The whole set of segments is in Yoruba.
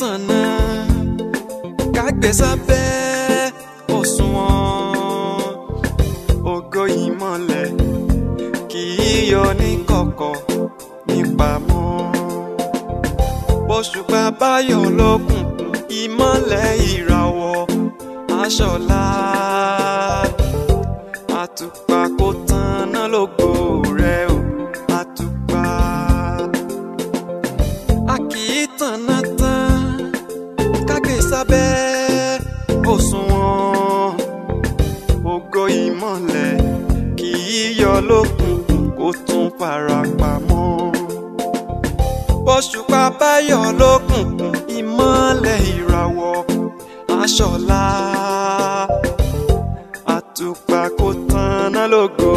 tànà ká gbé sábẹ́ òṣùwọ̀n ògo ìmọ̀lẹ̀ kì í yọ ní kọ̀kọ̀ nípamọ́ bóṣùpá báyọ̀ lókùnkùn ìmọ̀lẹ̀ ìràwọ̀ aṣọ̀lá àtùpà kò tànà lógo. yíyọ lókun kó tún fara pamọ́ bọ́ṣùpá báyọ̀ lókùnkùn ìmọ́lẹ̀ ìràwọ̀ aṣọ́lá àtùpà kò tanná lógo.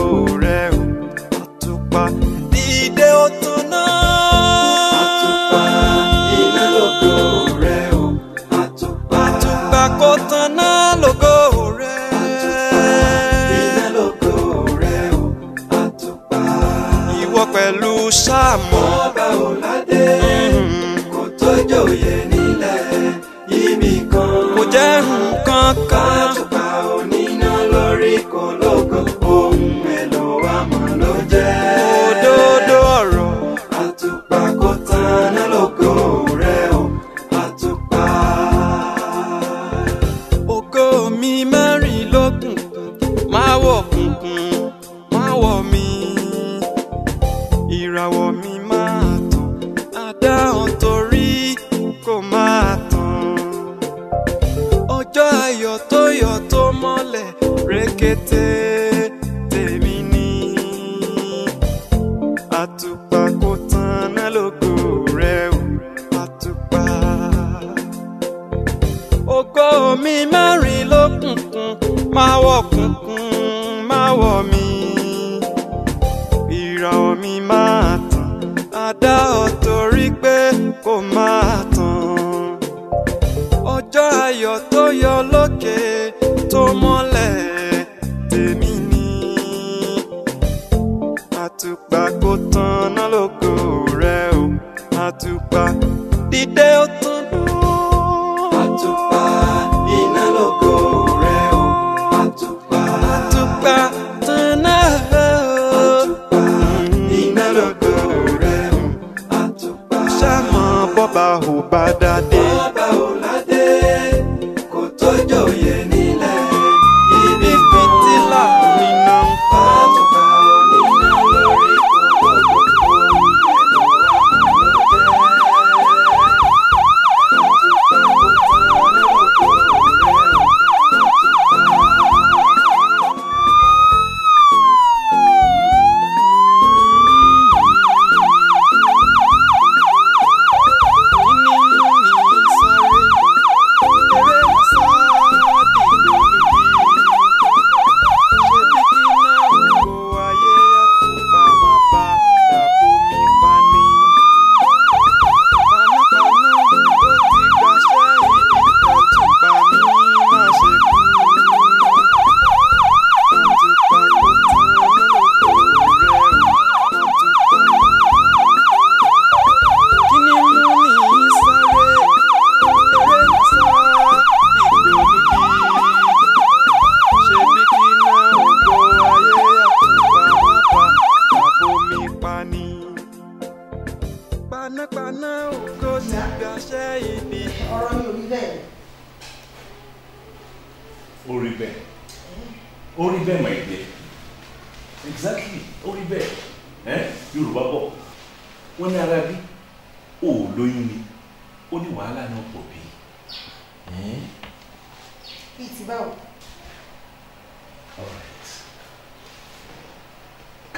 ìràwọ̀ mi ìràwọ̀ mi máa tàn á dá ọ torí pé kò máa tàn ọjọ́ ayọ̀ tó yọ lókè tó mọ́lẹ̀.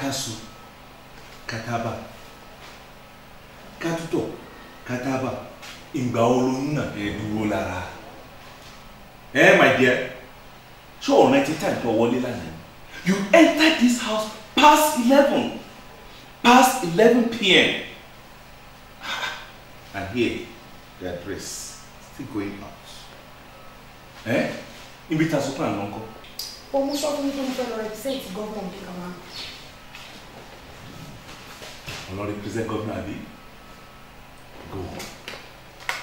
kasu kataba katutọ kataba ìgbà wo ló ń nà ẹ dúró lára ẹ my dear ṣé ọ̀nà ti tà ìtọ́ wọlé lánàá you enter this house past eleven past eleven pm and here the address still going out ẹ ibi tá a sọ pé àná ń kọ. òun sọ fún mi pé mo fẹ́ lọ rẹ̀ ṣé ìtì gọ́ọ̀mù ọ̀dẹ́kàwá. Honorable President Governor Adi, go on.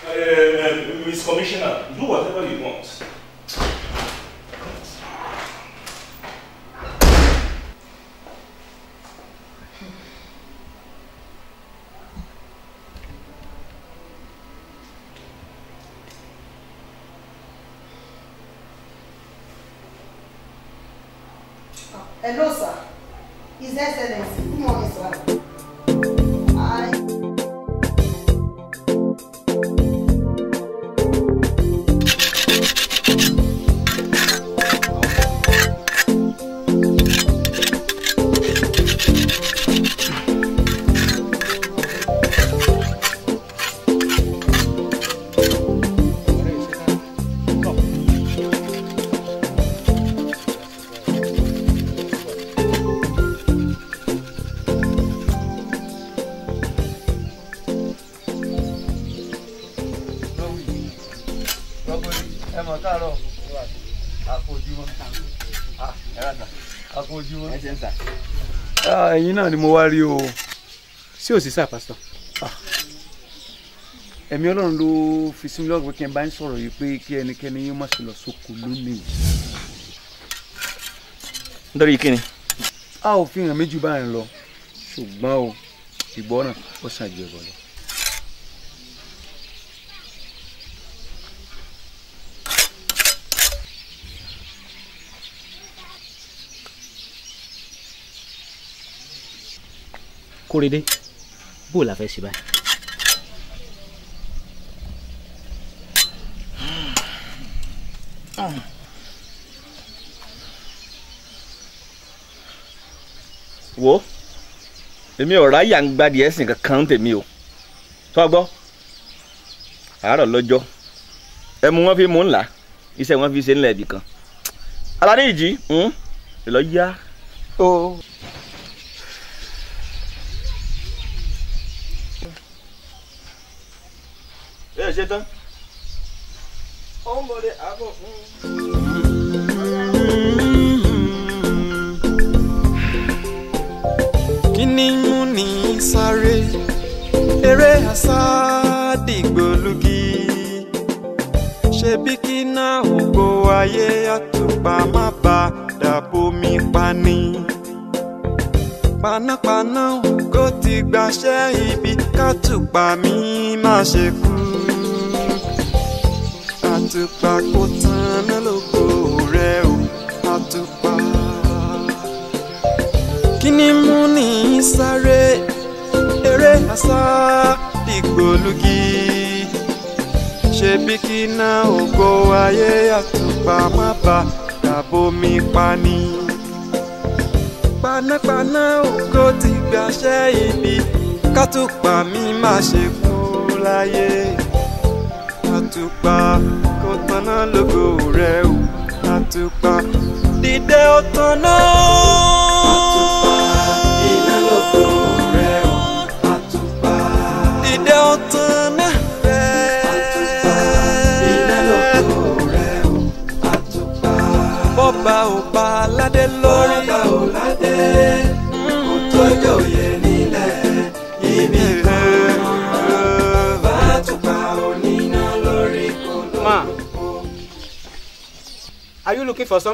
Uh, uh, Miss Commissioner, do whatever you want. yín náà ni mo wá rí o sí òsì sá pásítọ̀ ah. ẹ̀mí ọlọ́run ló fi sí mi lọ́rùn pé kí n bá ń sọ̀rọ̀ yìí pé kí ẹnikẹ́ni yín má ṣe lọ sóko lónìí. nítorí kí ni. a ò fi hàn méjì báyìí lọ ṣùgbọ́n o ìgbọ́ràn ó ṣàjù lọ. kórede bó o la fẹ́ ṣe báyìí. wo èmi ò ráyà ń gbadì ẹ̀sìn kankan tèmi o tó gbọ́ àárọ̀ lọ́jọ́ ẹmu wọn fi mú ńlá iṣẹ́ wọn fi ṣe ńlẹ̀ ibì kan aládé ìjì ńlọ hmm, yá. você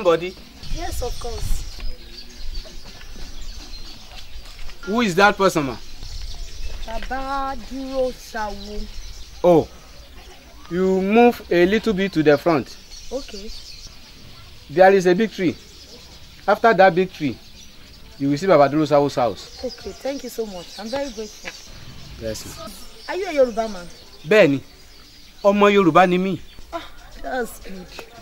somebody? Yes, of course. Who is that person, ma? Baba Duro Sawo. Oh, you move a little bit to the front. Okay. There is a big tree. After that big tree, you will see Baba Duro Sawo's house. Okay, thank you so much. I'm very grateful. Yes. you. Are you a Yoruba man? Benny, ọmọ Yorùbá Yoruba mí. Ah, that's good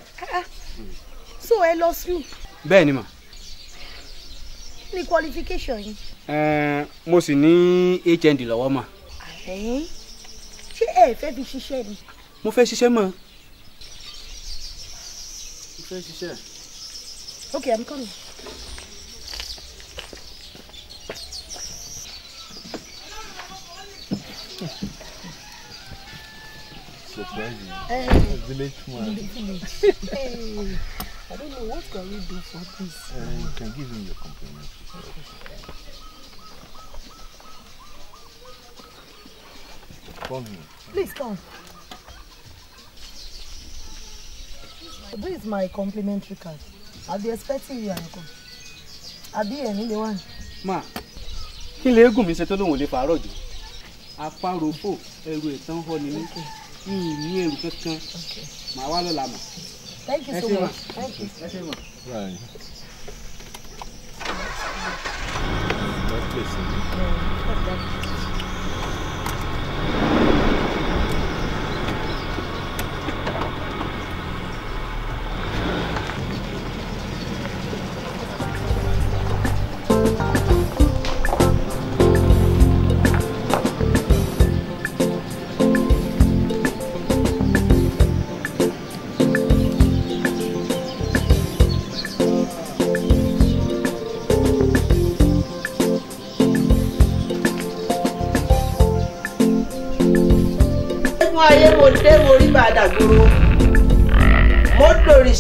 so ẹ lọ school. bẹ́ẹ̀ ni mà. ni qualification yìí. ẹ̀ẹ́n mo sì ní HND lọ́wọ́ mà. ṣé ẹ fẹ́ fi ṣiṣẹ́ ni. mo fẹ́ ṣiṣẹ́ mọ́. mo fẹ́ ṣiṣẹ́. okay i'm coming. surprising. Hey. Village man. Village. hey. I don't know what can we do for this. Uh, you can give him your compliments. Call him. Please come. This is my complimentary card. I'll be expecting you, Uncle. I'll be any one. Ma, kí lè gùn mi ṣe tó lóun lè fàárọ̀ jù? Apáròfò ẹrù ìtàn họ ni mí. Mi ì ní èrò kankan. Màá wá lọ́la mọ̀. Thank you so much. Thank you. Thank you. Right. much. listening. dé mo rí bá a dàgbòrò mo mo rí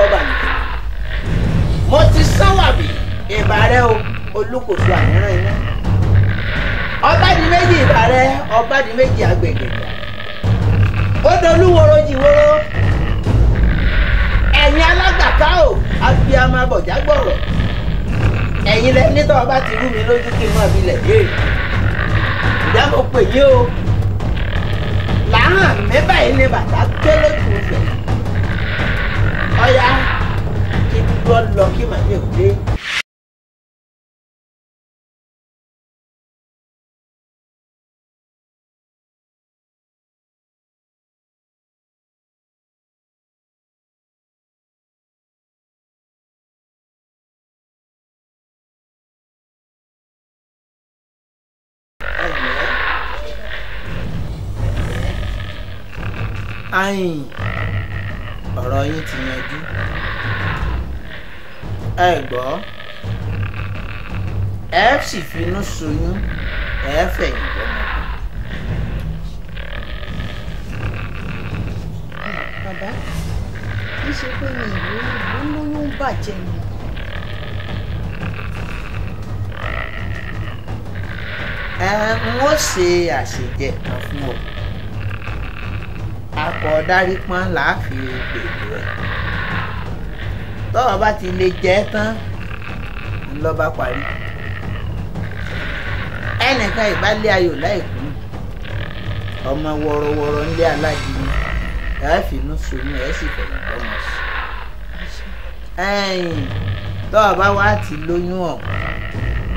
ọba mi mo ti sọ́wàbì ìbàrẹ́ o olùkóso àmìràn iná ọba di méjì ìbàrẹ́ ọba di méjì agbègbè ó dolúworo ẹ̀yin o ti rú mi lójú kí làárọ̀ mi báyìí ni bàtà gbélé kù fẹ̀ ọ̀ya kí gbọ́ lọ kí màdé òde. ayin ọ̀rọ̀ yín ti yanjú ẹ gbọ́ ẹ sì finú soyún ẹ fẹ̀yìn bọ́mọ. bàbá kì í ṣe pé mi ìlú ìlú ló ń bàjẹ́ mi. ẹ ń ó ṣe àṣejẹ kan fún ọ akọ dárí pọ́n láàfin pẹ̀lú ẹ̀ tọ́wọ́ bá ti lè jẹ́ tán ńlọ́ba parí ẹnìkan ìbálẹ̀ ayò láìkú ọmọ wọ̀rọ̀wọ̀rọ̀ ńlé alájìní láàfin sọnù ẹ̀ sì fẹ̀yìn lọ́mọ sí ẹ̀yìn tọ́wọ́ bá wá ti lóyún ọ̀hún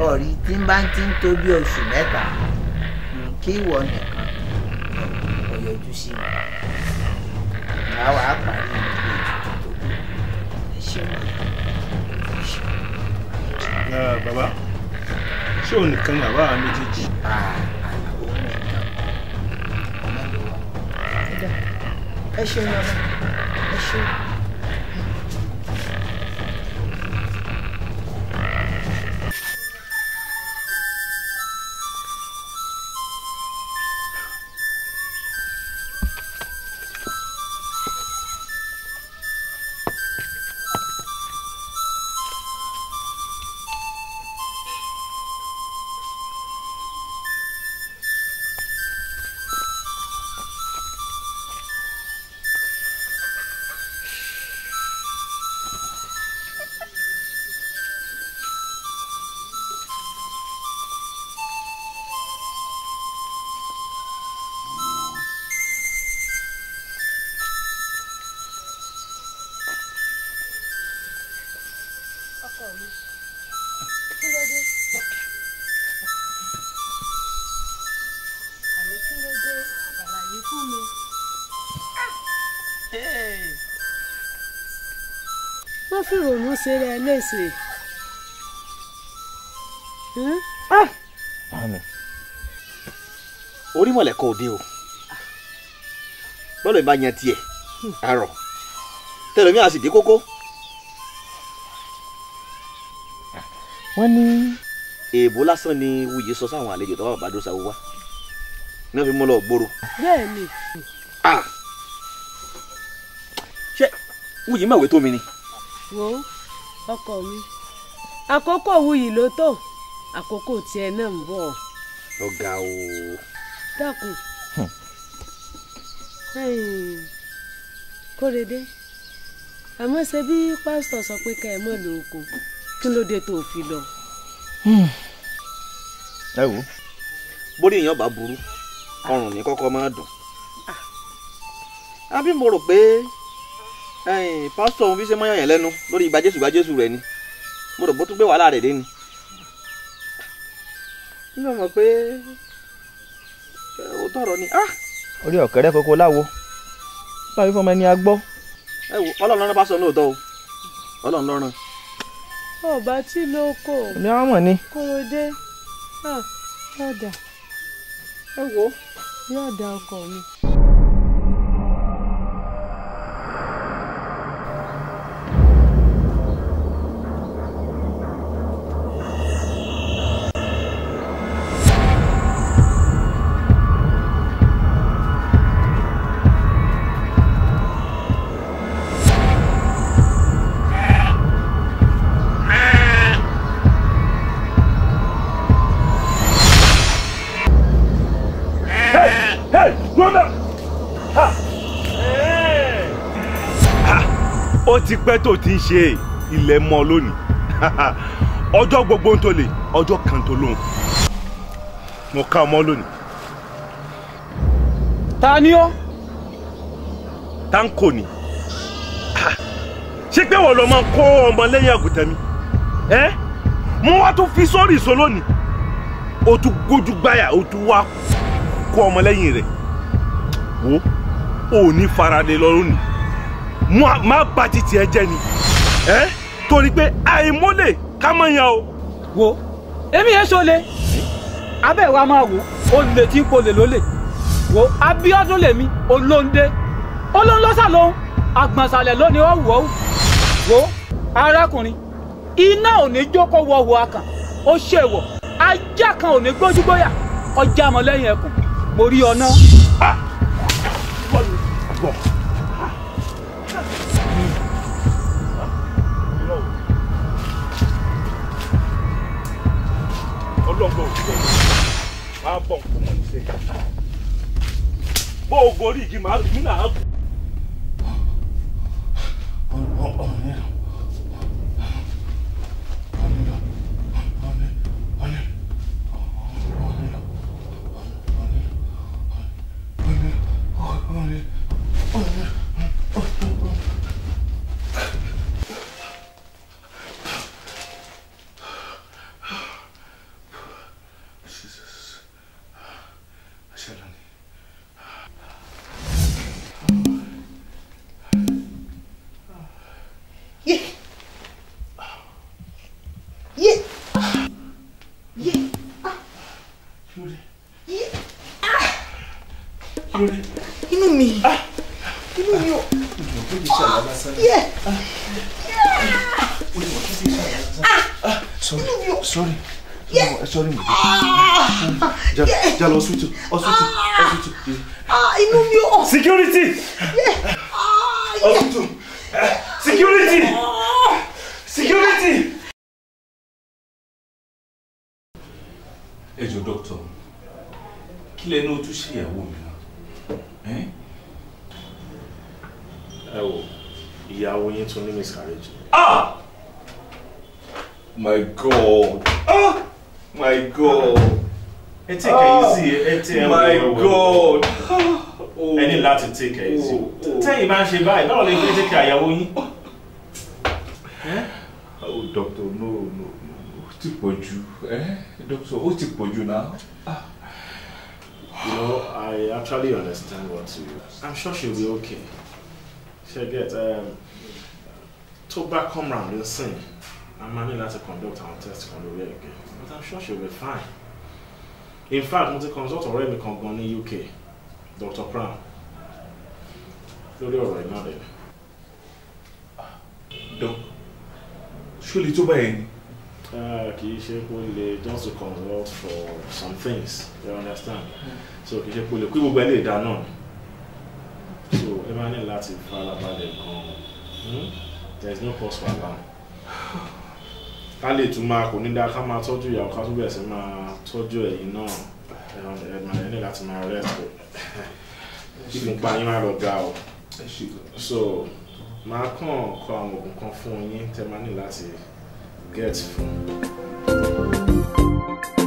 ọ̀rí tí ń bá ti ń tó bí oṣù mẹ́ta kí ìwọ nìkan ọ̀yọ̀jú sí wọn á wà á ṣé òun nìkan ni méjèèjì. ẹ ṣeun bàbá ẹ ṣeun. fìrònú ṣe rẹ léṣe. Ah! mami orí mọ̀lẹ́kọ̀ òde o bọ́lá ìbá yan tiẹ̀ àrọ̀ tẹlẹmí a sì dé kókó. wọ́n ní. èèbó lásán ni wuyì sọ sáwọn àlejò tó wà bàbá dóṣà wá náà fi mú lọ gbòòrò. bẹ́ẹ̀ ni. Ah! ṣé wuyì máa wé tó mi ni. Ah wo ọkọ mi àkókò wuyì ló tó àkókò tiẹ̀ náà ń bọ̀. ó ga o. dákun kórede àmọ́ ṣe bí pásítọ̀ sọ pé ká ẹ mọ̀ lóko kí ló dé tó fi lọ. ẹ wo bórí èèyàn bá burú ọrùn ní kọ́kọ́ máa dùn. Ah. àbí mo rò pé pásítọ̀ òun fi ṣe mọ́yàn yẹn lẹ́nu lórí ìgbà jésù ìgbà jésù rẹ̀ ni mo rò bó tún gbé wàhálà rẹ̀ dé ni. mi ò mọ̀ pé ó tọrọ ni. Ah! orí ọ̀kẹ́rẹ́ kókó láwo báyìí fọmọ ẹni a gbọ́. ẹ wo ọlọ́run lọ́rùn pásítọ̀ lóòótọ́ o ọlọ́run lọ́rùn. ọba tí ló kò. ní àwọn mọ̀ ni. kò dé ah, yọ̀dà. ẹ wo yọ̀dà ọkọ mi. ó ti pẹ́ tó ti ń ṣe ilẹ̀ mọ́ lónìí ọjọ́ gbogbo ń tó lè ọjọ́ kan tó lóhùn mo ká ọmọ lónìí. ta ni ọ́. tanko ni ṣé pé wọ́n lọ máa kó ọmọ lẹ́yìn àgùntàn mi ẹ́ mo wá tún fi sórí ìṣó lónìí o tún gójú gbáyà o tún wá kó ọmọ lẹ́yìn rẹ̀ wo o ò ní faradé lọ lónìí má ba ti tiẹ̀ jẹ́ ni ẹ́ torí pé àìmọ́lẹ̀ ká mọ̀ yan o. wo èmi yẹn sọlẹ abẹ́ wa máa wò ó lè tí kò lè lólè wo Abíọ́dún lèmi olóńdé olóńlọ́sà lòun àgbọ̀nsalẹ̀ lónìí ó wọ̀ ó wo arákùnrin iná ò ní jókòó wọ wọ akàn ó ṣèwọ̀ ajá kan ò ní gbójúgbóyà ọjà mọ́ lẹ́yìn ẹkùn mo rí ọ náà. Ah! lọ́gbọ̀n òkúta máa bọ̀ nǹkan mọ̀ níṣẹ́ bó o gorí igi máa rí nínú àágùn. Oh, yeah. inú mi inú mi ò. Yeah. Ah. Sorry. Sorry. Yeah. Sorry. Ja, ja lọ hospital. Hospital. Hospital. Ah, inú mi ò. Ah. Ah. Ah, Security. Yeah. Ah, yeah. Hospital. Security. Security. Ẹ jọ̀ọ́ dọ́kítọ̀, kí lẹ ní o tún ṣe ìyàwó yín tún ní miscarriage. ah my god ah my god ẹ take it ah! easy ẹ take it my god ah! ẹ ní láti take it easy oh, oh. tẹ́yìn bá ń ṣe báyìí báwo lè fi take àyàwó yín. oh doctor no no no ó ti pọ̀ jù eh doctor ó ti pọ̀ jù náà. Ah. You know, I actually understand what you. I'm sure she'll be okay. She'll get. Um, tó bá come round and sing a máa ní láti conduct àwọn test kan lórí ẹ̀gẹ́ but i'm sure she will be fine in fact mo ti consult ọ̀rẹ́ mi kan gan ní UK Dr. Pram lórí ọ̀rọ̀ iná rẹ̀. dọ́k ṣó le tó báyẹn ni. Ah, kì í ṣe kó le just to consult for some things you understand hmm. so kì í ṣe kó le kí gbogbo ẹ lè dá so ẹ máa ní láti farabalẹ̀ gan-an. Hmm? there is no cause for alarm ká lè tún máa kò ní dá ká máa tọ́jú ìyàwó ká tún bẹ̀rẹ̀ sí máa tọ́jú ẹ̀yìn náà ẹ máa ní láti máa rẹ̀ pọ̀ ìfúnpá yín máa lọ ga o so máa kàn kọ àwọn oògùn kan fún yín tẹ́ máa ní láti get fún. thank you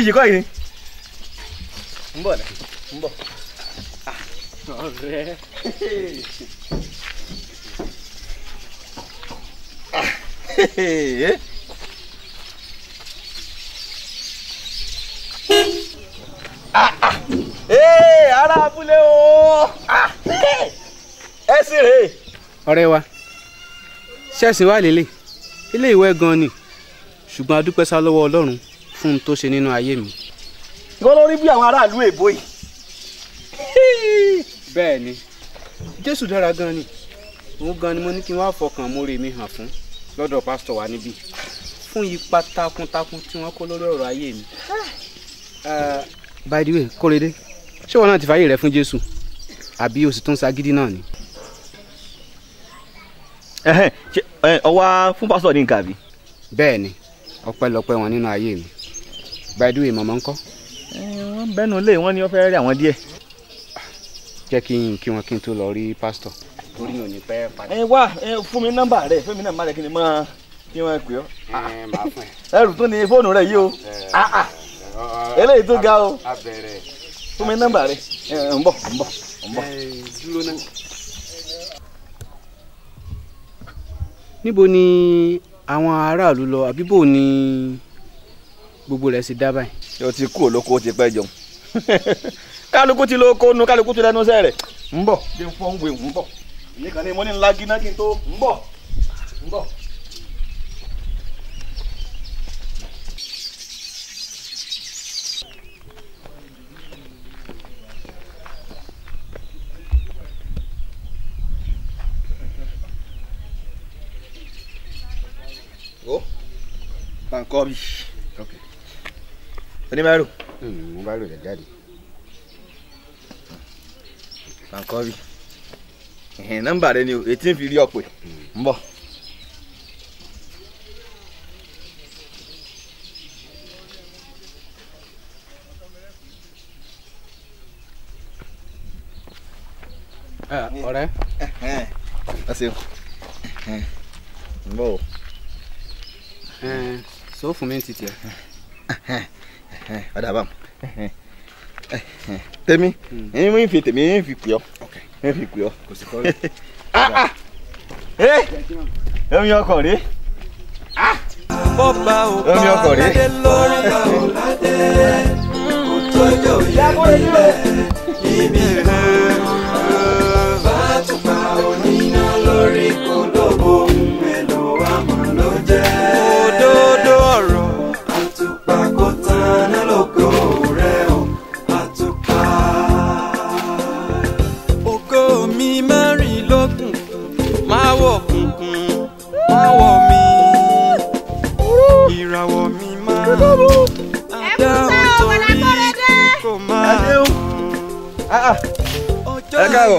보이지가 이니. 뭐네? 뭐? 아, 그래. 아, 헤헤. 아, 아. 에, 아라불레 Ah, 아, 헤. 에스레. ọ̀rẹ́ wa ṣẹ́ẹ̀sì wa lélẹ̀ ilé ìwé gan ni ṣùgbọ́n a dúpẹ́ sá lọ́wọ́ ọlọ́run fún un tó ṣe nínú ayé mi. ìwọ ló rí bí àwọn aráàlú èbó yìí. bẹ́ẹ̀ ni jésù dára gan ni òun gan ni mo ní kí n wá fọkàn mórí mi hàn fún lọ́dọ̀ pásítọ̀ wa níbí fún ipa takuntakun tí wọ́n kó lórí ọ̀rọ̀ ayé mi. by the way kórede ṣé wọn náà ti fàyè rẹ fún jésù àbí o sì tún ṣagídí náà ni. ọwọ́ fún pásítọ̀ ní nǹkan àbí. bẹ́ẹ̀ ni ọpẹ́lọpẹ́ wọn nínú ayé mi by the way màmá ńkọ́. wọ́n bẹ́nu lé wọ́n ní wọ́n fẹ́ rí àwọn díẹ̀. jẹ́ kí n kí wọn kí n tó lọ rí pásítọ̀ torí mi ò ní pẹ́ padà. ẹ wá fún mi nọ́mbà rẹ fún mi nọ́mbà rẹ kí ni mọ kí wọn pè ọ. ẹrù tó ní fóònù rẹ yìí o ah, ah. eléyìí tó ga o fún mi nọ́mbà rẹ ń bọ̀ ń bọ̀ ń bọ̀. níbo ni àwọn aráàlú lọ àbí bò ni gbogbo rẹ̀ sì dá báyìí. o ti kú olóko o ti pẹ́ jọun kálukú ti lóko nu kálukú ti lẹ́nu sẹ́rẹ̀ ń bọ̀ bí n fọ́ ń wé ń bọ̀ èyí kan ní mo ní ńlá gíná kí n tó ń bọ̀ ń bọ̀. Bankobi oníbàárò. Hmm, mo bá rò rẹ jáde. Bankobi nọ́mbà rẹ ni o etí ń fi rí ọ̀pẹ hmm. ń bọ̀. Ah, ọ̀rẹ́. ẹ ṣeun ń bọ̀ o. sọ fún mi ti tiẹ̀ ọ̀dà bá mu hmm. tèmi èmi ń fi tèmi ń fi pè ọ́ ń fi pè ọ́. kò sí kọ́rí. Ah, ah. eh? èmi ọkọ rèé ah! èmi ọkọ rèé. ìyá bọ́lá nílò. búburú. ẹkúnṣẹ́ o bàdà kọ́rẹ́ dé. àdéhùn ẹ káàbọ̀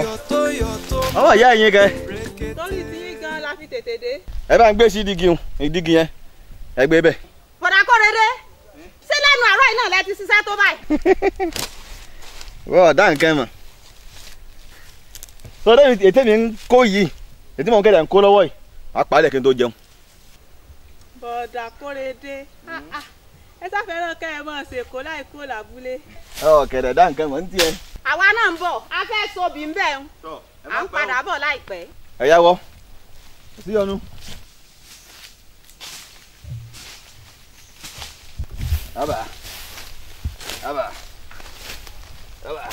ọmọ ìyá ẹ̀yin kẹ. torí ti yín gan la fi tètè dé. ẹ bá ń gbé sí ìdígi ìdígi yẹn ẹ gbé bẹ̀. bàdà kọ́rẹ́ dé ṣé lẹ́nu àárọ̀ yìí náà lẹ ti ṣiṣẹ́ tó báyìí. wọ́ọ̀ dá nǹkan mọ̀ sọdọ ètè mi ń kó yìí ètè mi ń kẹ́dà ń kó lọ́wọ́ yìí àpàlẹ̀ kí n tó jẹun. bọ̀dà ah. ah ẹ sáfẹ́ràn kẹ́ ẹ mọ̀ ṣèkó láì kúrò lábúlé. ọ̀kẹ̀dẹ̀ dá nǹkan mọ̀ ń tiẹ̀. àwa náà ń bọ̀ a fẹ́ sobi ń bẹ̀ ń à ń padà bọ̀ láìpẹ́. ẹ yá wọ sí ọnu. àbà àbà àbà.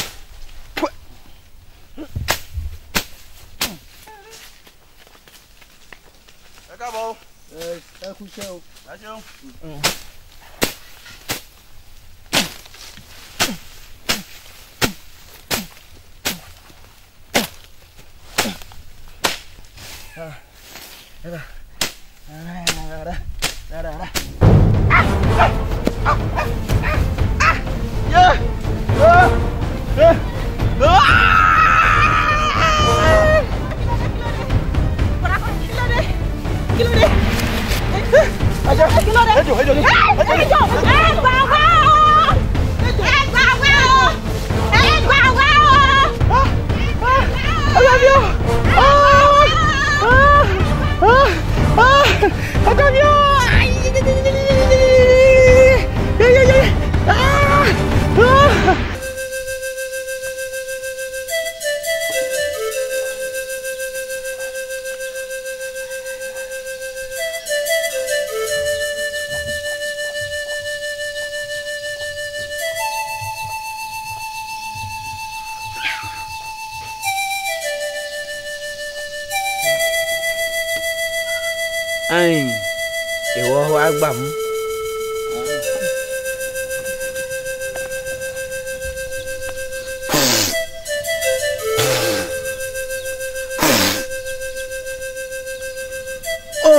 ẹ káàbọ̀ o. ẹ ẹ kú iṣẹ́ o. ẹ ṣeun. Mm. Đây rồi. Đây rồi. Đây rồi. Đây rồi. À, à, à, à, à. Yeah. Yeah. Yeah. Yeah. cái lưỡi đi Hãy subscribe cho kênh Ghiền Mì Gõ Để không bỏ lỡ những video hấp dẫn I love you! 사장이야!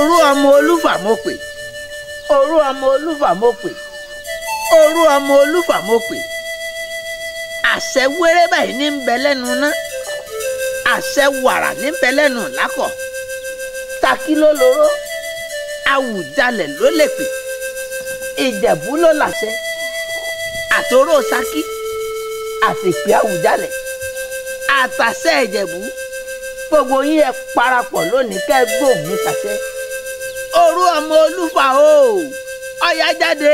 òru ọmọ olúfà mo pè òru ọmọ olúfà mo pè òru ọmọ olúfà mo pè àṣẹ wéré báyìí ní ń bẹ lẹ́nu ná àṣẹ wàrà ní ń bẹ lẹ́nu lákọ̀ takí ló lóró Awùjalẹ̀ ló lè pè Ìjẹ̀bú ló làṣẹ àtòrò Ṣakí àtìpé Awùjalẹ̀ àtàṣẹ Ìjẹ̀bú gbogbo yín ẹ parapọ̀ lónìí kẹ́ gbòmí ṣàṣẹ orú ọmọ olúfà o ọ̀yá jáde.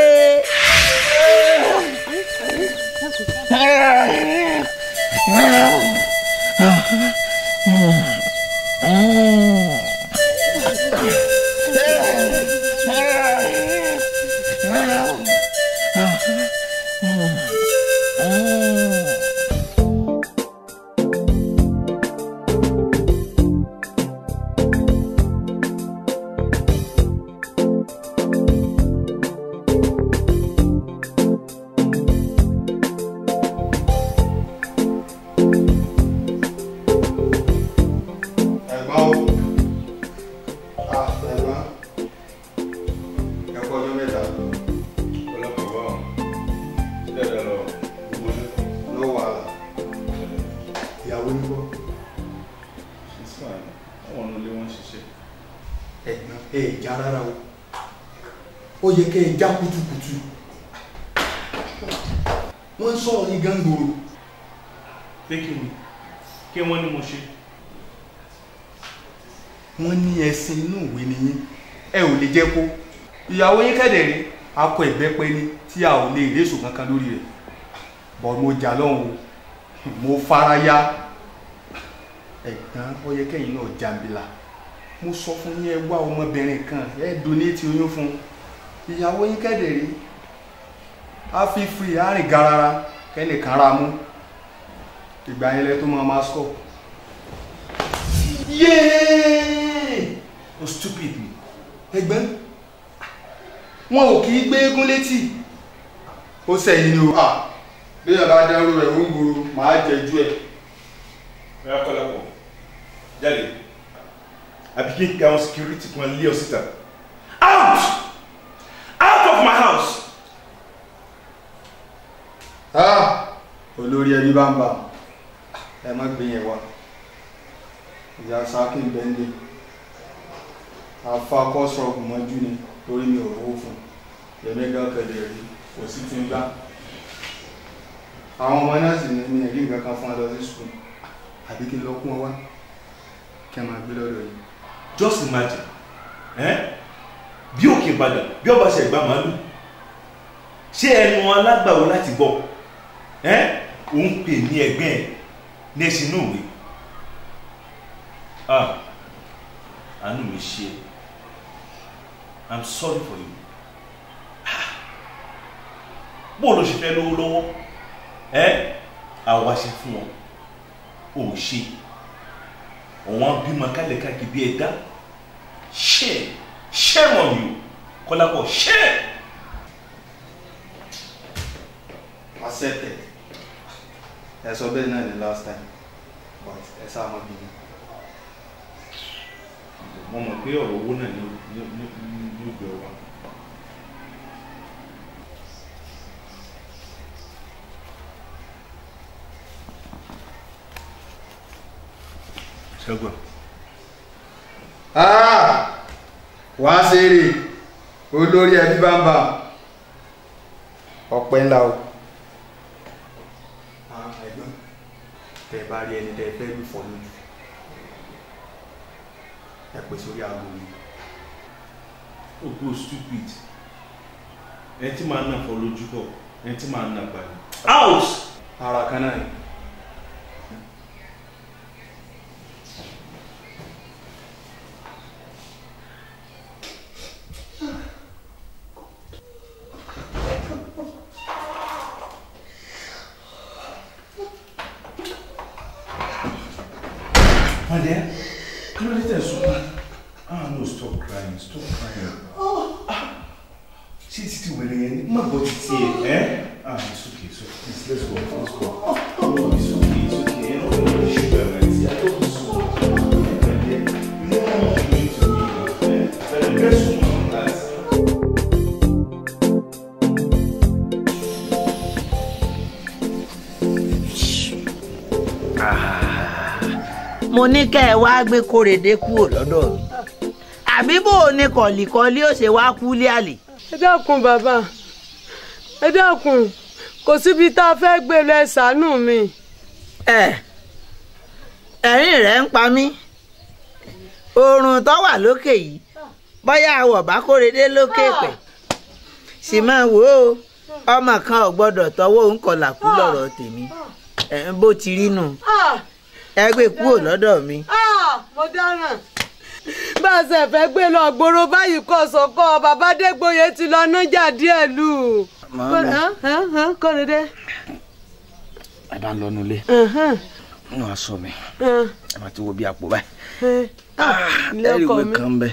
Mm-hmm. pákó ìbẹ́pẹ ni tí a ò lè réṣò kankan lórí rẹ̀ bọ̀ mo jà lọ́hùn o mo faraya ẹ̀gbọ́n ó yẹ kẹ́yìn náà jàǹbìlà mo sọ fún yín ẹ wá ọmọbìnrin kan ẹ donate oyún fún ìyàwó yín kẹ́dẹ̀ rí a fi free àárín garara kẹ́nìkan ra mú ìgbà yẹn lẹ tó máa máa sọ. yéé o stupid mi ẹgbẹ́ wọn ò kì í gbé eégún létí ó sẹ́yìn ni o. bí yàrá bá dárò ń gbòòrò màá jẹ́jú ẹ̀. ẹ á kọ́lá jáde àbí kí n ka àwọn security kan lé ọ síta out out of my house. olórí ẹbí bá ń bà ẹ má gbé yẹn wá ìyá sákì bẹ́ńdẹ̀ àfa kọ́sọ̀rọ̀ mọ́jú ni torí mi ò rówó fún èmi gan kẹ̀dẹ̀ rí kò sí ti ń gbá àwọn ọmọ náà sì ní mi rí nǹkan kan fún ọ lọ sí sùkúl àbí kí n lọ kún ọ wá kí a máa gbé lọ́dọ̀ yìí. just imagine bí òkè ìbàdàn bí ọba ṣe ìgbà màálù ṣé ẹnu alágbàwọ láti bọ òun pè ní ẹgbẹ́ ẹ̀ ní ẹ̀sìn náà wí ah, àánú mi ṣe é i'm sorry for you bó ló ṣe fẹ́ lówó lọ́wọ́ ẹ àwa ṣe fún wọn ò ṣe òun á bímọ kálẹ̀ káàkiri bí ẹ̀dá ṣe ṣe wọn yìí kọ́lápọ̀ ṣe. accepted ẹ sọ bẹ́ẹ̀ náà ní last time but ẹ sáà má bínú mo mọ̀ pé ọ̀rọ̀ owó náà ní ìgbẹ́ wa. ṣẹ́gun. Ah! wá ṣeré olórí ẹbí bàbá ọpẹ́ ńlá o. Ah, tẹ bá rí ẹni tẹ fẹ́ lù fọ́ lójú ẹ pè sórí aago mi. o oh, go stupid ẹni tí màá nà fọ lójú bọ ẹni tí nà gbà house. ara kan náà ní kẹ́ ẹ wá gbé kórèdé kúrò lọ́dọ̀ mi àbí bò ó ní kọ̀lìkọ́lì ó ṣe wá kúlé àlè. ẹ dákun bàbá ẹ dákun kò síbi tá a fẹ́ gbé lọ ẹ ṣàánú mi. ẹ ẹ̀rín rẹ̀ ń pa mí oòrùn tó wà lókè yìí bóyá àwọ̀ bá kórèdé lókè pẹ̀ sì máa wò ó ọmọ kan ò gbọ́dọ̀ tọwọ́ òǹkọ̀là kú lọ́rọ̀ tèmi bó ti rí nù. Ah, ẹ gbé e kúrò lọ́dọ̀ mi. Ah, mo dáràn bá a ṣe fẹ́ gbé lọ gbòòrò báyìí kọ́ sọ́kọ́ bàbá dẹ́gbòye ti lọ nájà díẹ̀ lù. kọ́nidé. ẹ bá ń lọ nulẹ̀ nínú aṣọ mi ẹ bá ti wo bí àpò báyìí ah, ah, ẹ rí ìwé kan bẹ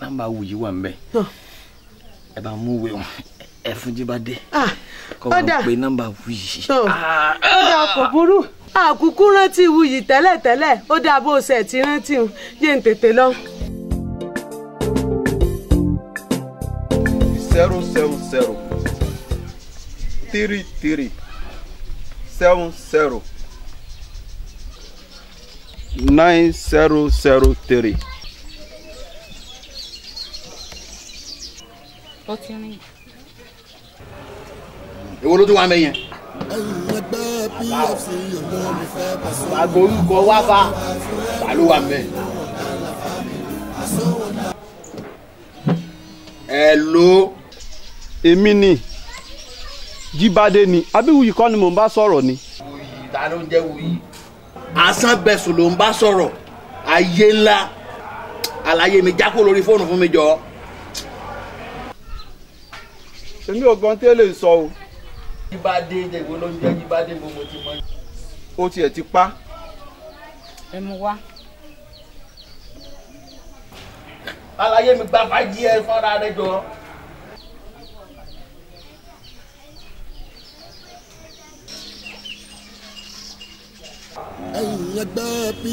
nọ́mbà wuyi wà nbẹ ẹ bá mú ìwé wọn ẹ fún jíbádé kọ́ wọn pe nọ́mbà wuyi. ọ̀dà kò burú àkúkú rántí wuyì tẹ́lẹ̀tẹ́lẹ̀ ó dáa bó o ṣẹ̀ ti rántí un yé n tètè lọ. zero seven zero three three seven zero nine zero zero three. ó ti rìn. èwo ló tún wá mẹ́yẹn ẹ̀yìn ẹgbẹ́ bá sọ. àgorúkọ wá ló hello. èmi ni jíbádé ni abíwuyì kọ́ ni mò ń bá sọ̀rọ̀ ni. wuyì ta ló ń jẹ́ wuyì. asánbẹ̀sùn ló ń bá sọ̀rọ̀ ayé ńlá àlàyé mi jákó lórí fóònù fún mi jọ. èmi ò gbọ́n tẹ́lẹ̀ sọ o jíbádé ìwọ ló ń jẹ́ jíbádé mo mo ti mọ. ó tiẹ̀ ti pa. ẹ mú wá. aláyé mi gba fàájì ẹ fọ́nra rẹ jọ.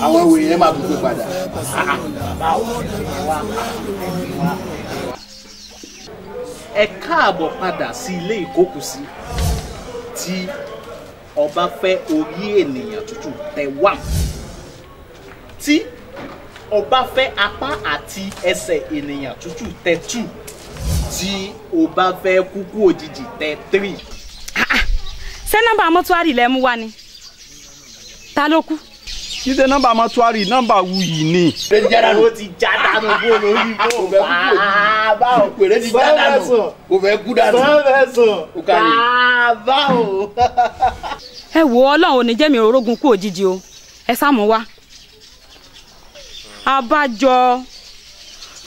àwọn ìwé yẹn máa gbogbo padà. ẹ káàbọ̀ padà sí ilé ìkókùsí tí ọba fẹ́ orí ènìyàn tútù tẹ wá tí ọba fẹ́ apá àti ẹsẹ̀ ènìyàn tútù tẹ two tí ọba fẹ́ kúkú òjijì tẹ three. ṣé nọ́mbà mọ́tò àrí lẹ mú wá ni ta ló kú ṣíṣe nọ́mbà mọ́túárì nọ́mbà wuyì ni. pẹ̀lẹ́dìjára ló ti já dànù bó lórí bó fẹ́ kú bá o pèrè ti já dànù kò fẹ́ kú dànù kò kárí. bá o. ẹ wo ọlọ́run ò mi orógun kú òjijì o ẹ sáàmù wá. abájọ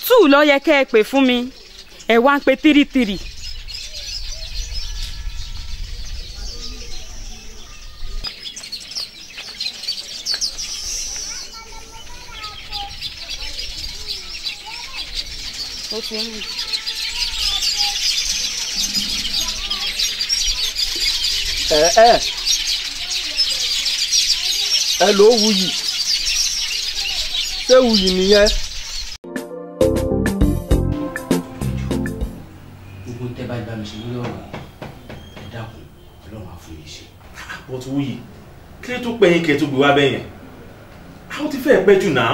two ló yẹ kẹ́ ẹ pè fún mi ẹ wá ń pe tírítírì. ti ń rìn. ẹ ẹ ẹ ló wuyì ṣé wuyì ah, kí ló tó pẹ́yìn kẹ́ tó gbé wá bẹ́yẹn ah, ti fẹ́ẹ́ pẹ́ jù náà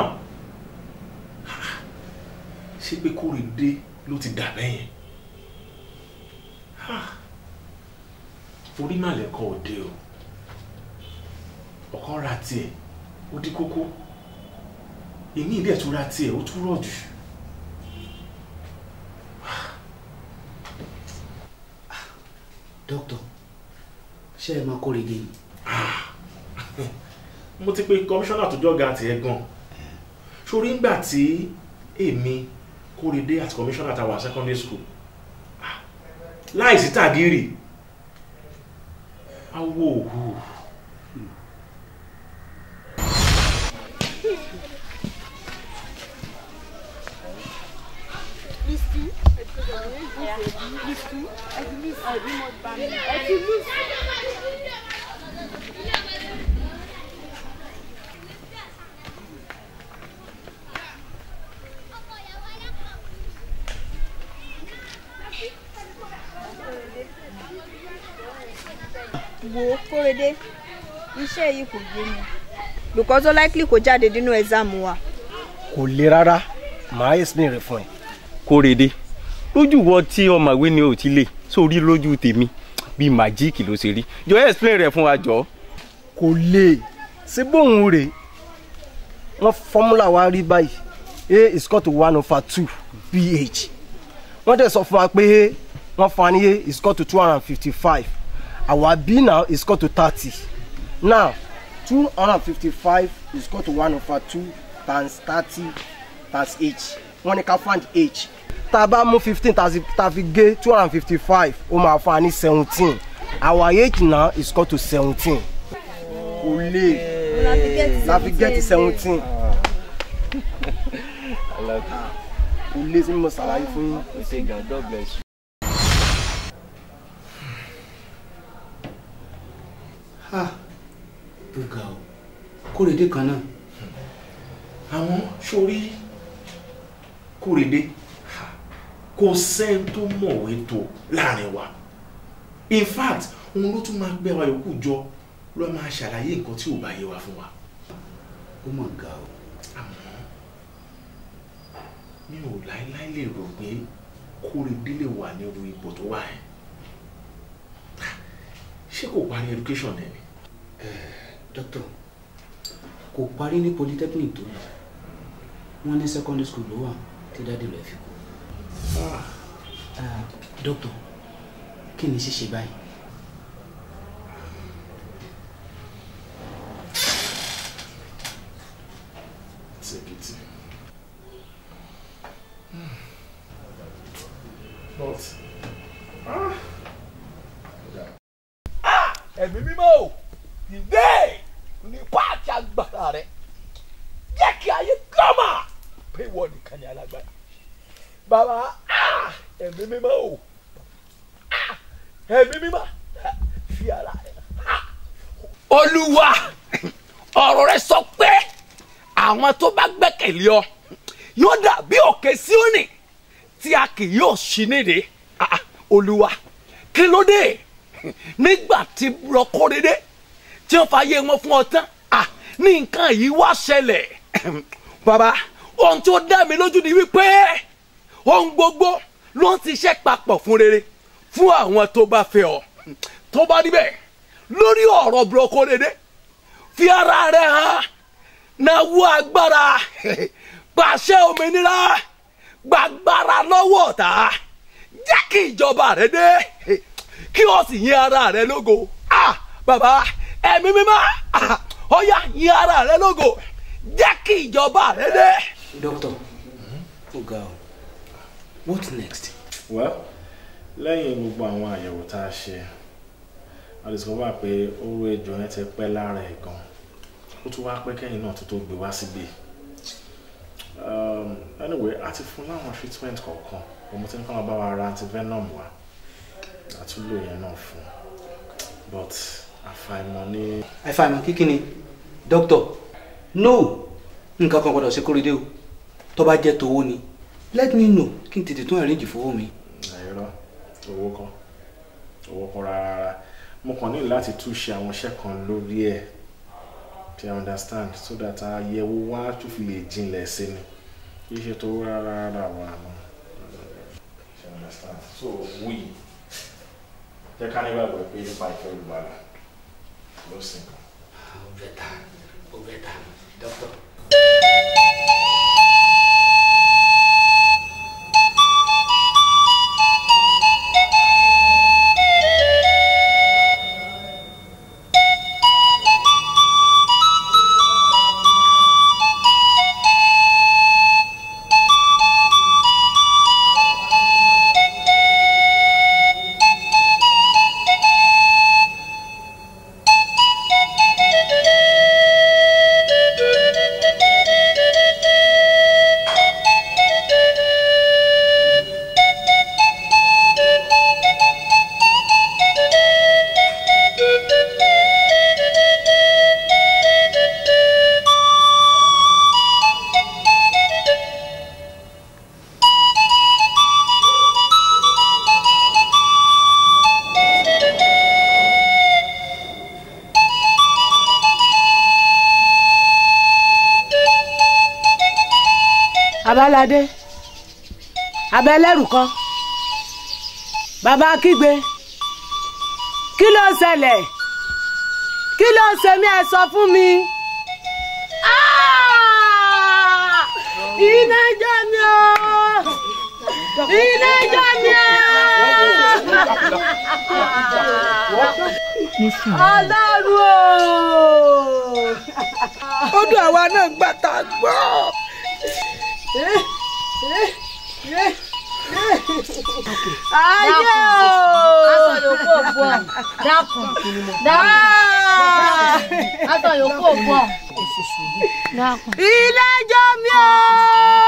ṣé pé kórè dé ló ti dà bẹ́yẹn orí màlẹ́kọ̀ òde o ọ̀kan ra tiẹ̀ ó dí kókó èmi ìdẹ̀ tó ra tiẹ̀ ó tún rọ̀ jù. dókítà ṣé ẹ máa kórè dé ni. mo ti pe kọmíṣánná àtòjọ́ ga tiẹ̀ gan-an sórí eh. ńgbà tí èmi. Kórèdé as commissioner at our secondary school ah, láìsí tàgírì awo òhù Biscuit, I do not buy. I do not buy. wo kóredé iṣẹ́ yìí kò yé mi because ó likely kò jáde nínú exam wa. kò le rárá màá explain rẹ̀ fún ẹ. kóredé lójú wọ tí ọmọ ni ò ti lè sórí lójú tèmi bíi màjíìkì ló ṣe rí jọ explain rẹ̀ fún wa jọ. kò le ṣe bóun rèé wọ́n fọ́múlà wa rí báyìí a is equal to one over two ph wọ́n tẹ̀ sọ fún wa pé wọ́n fa a is equal to two hundred and fifty five our b now is equal to thirty now two hundred and fifty-five is equal to one over two times thirty times h wọ́n ní ká find h tá a bá mú fifteen tá a fi gé two hundred and fifty-five ó máa fún wa ní seventeen our h now is equal to seventeen kò lè la fi gẹ́tì seventeen ah. kò lè sí mo ṣàlàyé fún yín. ah ó ga o kórèdé kan náà àwọn sórí kórèdé kò sẹ́ni tó mọ̀wé tó láàrin wa in fact òun ló tún máa gbé wa yòókù jọ ló máa ṣàlàyé nǹkan tí ò bá yé wa fún wa. ó mà ga o. àmọ́ mi ò láéláé lè rò pé kórèdé lè wà ní orí tó wà ẹ̀ ṣé kò parí education ẹ̀ ni dókítà kò parí ní polytechnic tó lọ wọ́n ní secondary school ló wà tí dáàdì rẹ̀ fi kú. Ah. Ah, dókítà kí ni ṣíṣe báyìí. yìí ọ yóò dàbí òkè síónì tí a kì yóò ṣí nídìí ah, ah, olúwa kí ló dé nígbà tí rọkóredé tí wọ́n fàyè wọn fún ọ tán ah, ní nǹkan yìí wá ṣẹlẹ̀ bàbá ohun tí ó dá mi lójú ni wípé ohun gbogbo ló ń ṣiṣẹ́ papọ̀ fún rere fún àwọn tó bá fẹ́ ọ tó bá níbẹ̀ lórí ọ̀rọ̀ burúkú dédé fi ara rẹ̀ hàn náwó agbára pàṣẹ òmìnira gbàgbára lọ́wọ́ ọ̀tá jẹ́ kí ìjọba rẹ dé kí o sì yin ara rẹ lógo bàbá ẹ̀mí mímọ́ ó yá yin ara rẹ lógo jẹ́ kí ìjọba rẹ dé. dókítà ó ga ọ what next. well lẹ́yìn gbogbo àwọn àyẹ̀wò tá a ṣe a discover pé ó rú ejò yẹn ti pẹ́ lára ẹ̀ gan-an ó tún wáá pẹ́ kẹ́yìn náà tó tó gbé wá síbí um, anyway àti fún láwọn treatment kọ̀ọ̀kan ọmọ tí nǹkan bá wa ra antivenom wa àtúlò yẹn náà fún but àfàìmọ̀ ni. àfàìmọ̀ kíkí ni doctor no nǹkan kan gbọdọ̀ ṣe kórìdé o tó bá jẹ́ tòwó ni let me know kí n tètè tún arrange fowó mi. àìrọ owó kan owó kan rárá mo kàn ní láti tún àwọn iṣẹ́ kan lórí ẹ̀ to understand so that àyẹ̀wò wa tún fi lè jinlẹ̀ sí ni kì í ṣe tó rárá rárá wa nù. so we jẹ́ ká ní gbàgbọ́ pé nípa ìfẹ́ olùbàdà ló sìn kan. ó bẹ̀ tà ó bẹ̀ tà dókítà. Ọládé abẹ́lẹ́rù kan bàbá kígbe kí ló ṣẹlẹ̀ kí ló ṣe mí ẹ sọ fún mi. Ah! iná jọ mi o iná jọ mi o. ọlọ́run o. ó àwa náà gbàtà gbọ́. Ayo! o atọ̀yòkó òkú ọ̀ dákun dákun atọ̀yòkó òkú ọ̀ dákun. ilé jọ mi ooo.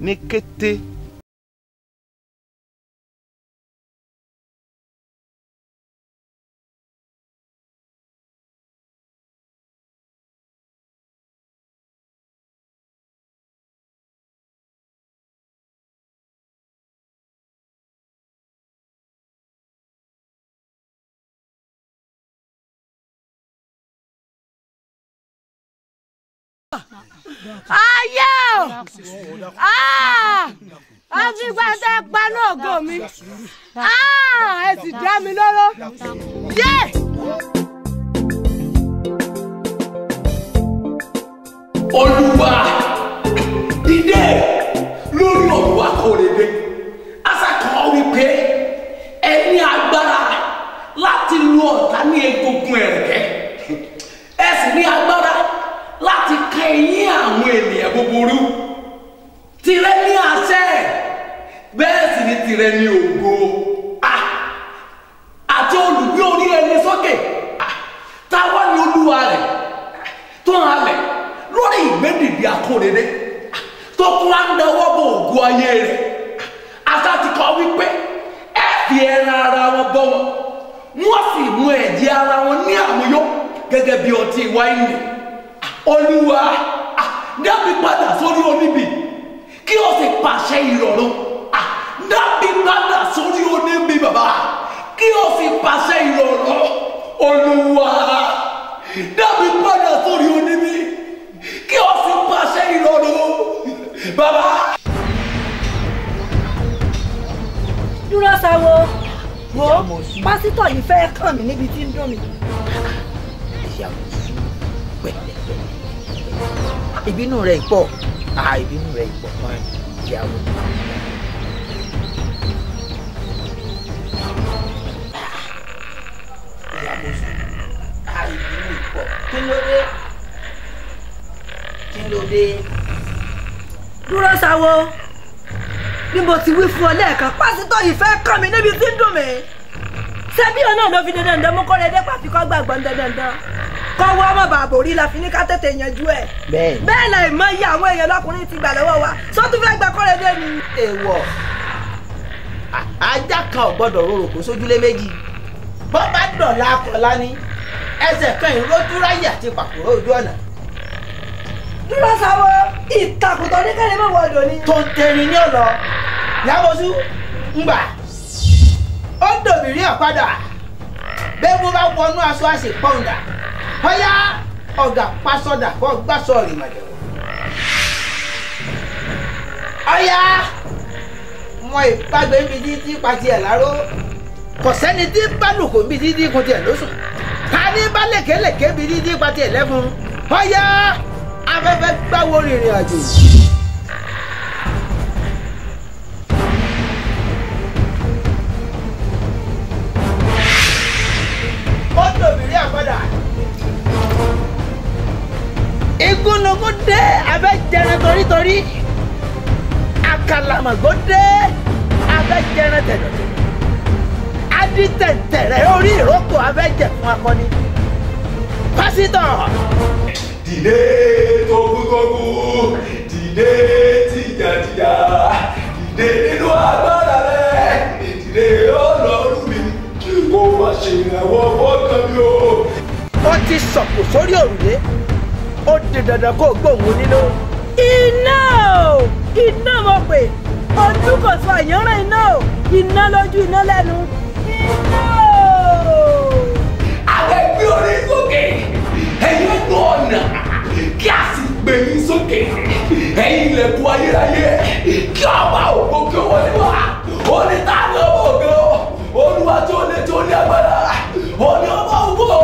ネケテ。Ah! àfìgbà tẹ paná ògo mi ah! ẹ sì dá mi lóró yé. olúwa dìde lórí ọ̀rọ̀ akóredé asakọ̀ wípé ẹni agbára láti lu ọ̀tá ní egungun ẹ̀rẹ̀. rẹ ní ògo àti olùgbé orí rẹ ní sókè táwa ní olúwa rẹ tó ń halẹ̀ lórí ìgbẹ́dìdì akóredé tó tún á ń dọwọ́ bò ògo ayé rẹ asa ti kọ wípé ẹ fi ẹran ara wọn bọ wọn wọn sì mú ẹ̀jẹ̀ ara wọn ní àmúyọ gẹ́gẹ́ bí ọtí wáìnì olúwa dábì padà sórí oníbì kí o sì pàṣẹ ìrọ̀rùn dábì padà sórí oníbi bàbá kí o fi pàṣẹ ìrọ̀rọ̀ olúwa dábì padà sórí oníbi kí o fi pàṣẹ ìrọ̀rọ̀ bàbá. dúró sáwo wo pásítọ̀ yìí fẹ́ kàn mí níbi tí ń dùn mí. ìbínú rẹ̀ pọ̀ ah, ìbínú rẹ̀ pọ̀ kan ìyàwó. di àbòsùn a ìbínú ìpọ̀ kí ló dé kí ló dé. dúró sáwo bí mo ti wí fún ọ lẹ́ẹ̀kan pásítọ̀ yìí fẹ́ kàn mí níbi tí ń dùn mí ṣebí ọ̀nà ọ̀nà fi dandan dandan mú kọ́ lẹ́dẹ́ pàfi kọ́ gbàgbọ́ dandan kọ́ wọ́ ọmọ bàbá orí la fi ní ká tètè yanjú ẹ̀ bẹ́ẹ̀ la ìmọ̀ yí àwọn èèyàn lọ́kùnrin ti gbà lọ́wọ́ wa sọ́tún fẹ́ gbà kọ́ lẹ́dẹ́ ni. èèwọ̀ ajá kan ò gbọ́dọ̀ rorò kó sójúlé méjì bọ́ bá dọ̀la akọ̀la ni ẹsẹ̀ kan ìrójú ráyè àti pàkúrò ojú ọ̀nà. dúró sáwọ ìtàkùtọ̀ ní kẹ́lẹ́ mọ̀wọ́ ọ̀dọ̀ ni. tó ń tẹ̀rín ní ọ̀lọ́ yàwọ́sù ngbà ó dòbìrí ẹ̀ padà bẹ́ẹ̀ bó bá wọnú aṣọ àṣepọ̀ǹdà ọ̀yá ọ̀gá pásọ̀dà kọ́ gbàsọ̀ rìmọ̀dẹ̀ ọ̀yá mọ ìpàgbé mi títí pàtí ẹ̀ láró kò sẹ́ni tí bá lòkò bí dídí kun tiẹ̀ lóṣù ká ní bá lẹ̀kẹ́lẹ̀kẹ́ bí dídí pa tiẹ̀ lẹ́fun ọ̀yá afẹ́fẹ́ gbáwo rìnrìn àjò. ó dòbìrí àpàdà. igúnnugún dé abẹ́jẹrẹ torítorí àkàlàmọ̀gbọ́ dé abẹ́jẹrẹ tẹ̀dọ̀tẹ̀dọ̀ adítẹ̀tẹ̀rẹ̀ orí ìrókò abẹ́jẹ̀ fún akọni pásítọ̀. dìde tókútókú dìde tìjàtìjà dìde nínú agbára rẹ dìde ọlọ́run mi kí kò má ṣe ìrànwọ́ fọ́kàn mi o. ó ti sọ̀kò sórí òrùlé ó di dandan kó gbóhùn nínú. iná o iná mo pè ojú kò sọ àyànràn iná o iná lójú iná lẹ́nu àbẹ̀gbé orí sókè ẹ̀yin ọgbọ́n ọ̀nà kí a sì gbé yín sókè ẹ̀yin ilẹ̀kùn ayérayé kí ọba ògbó kí wọlé wá oníta ni ọba ògbó olúwa tó lé tó ní agbára oní ọba ògbó.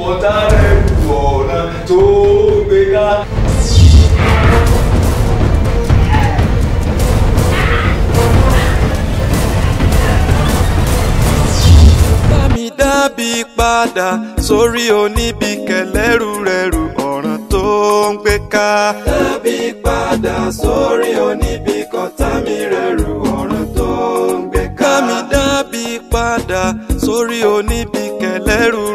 bọ̀dá rẹ̀ wù ọ̀nà tó gbé dá. dábì padà sórí oníbi kẹlẹ́rù ọ̀ràn tó ń gbé ká. dábì padà sórí oníbi kọtámi rẹ̀rù ọ̀ràn tó ń gbé ká. dábì padà sórí oníbi kẹlẹ́rù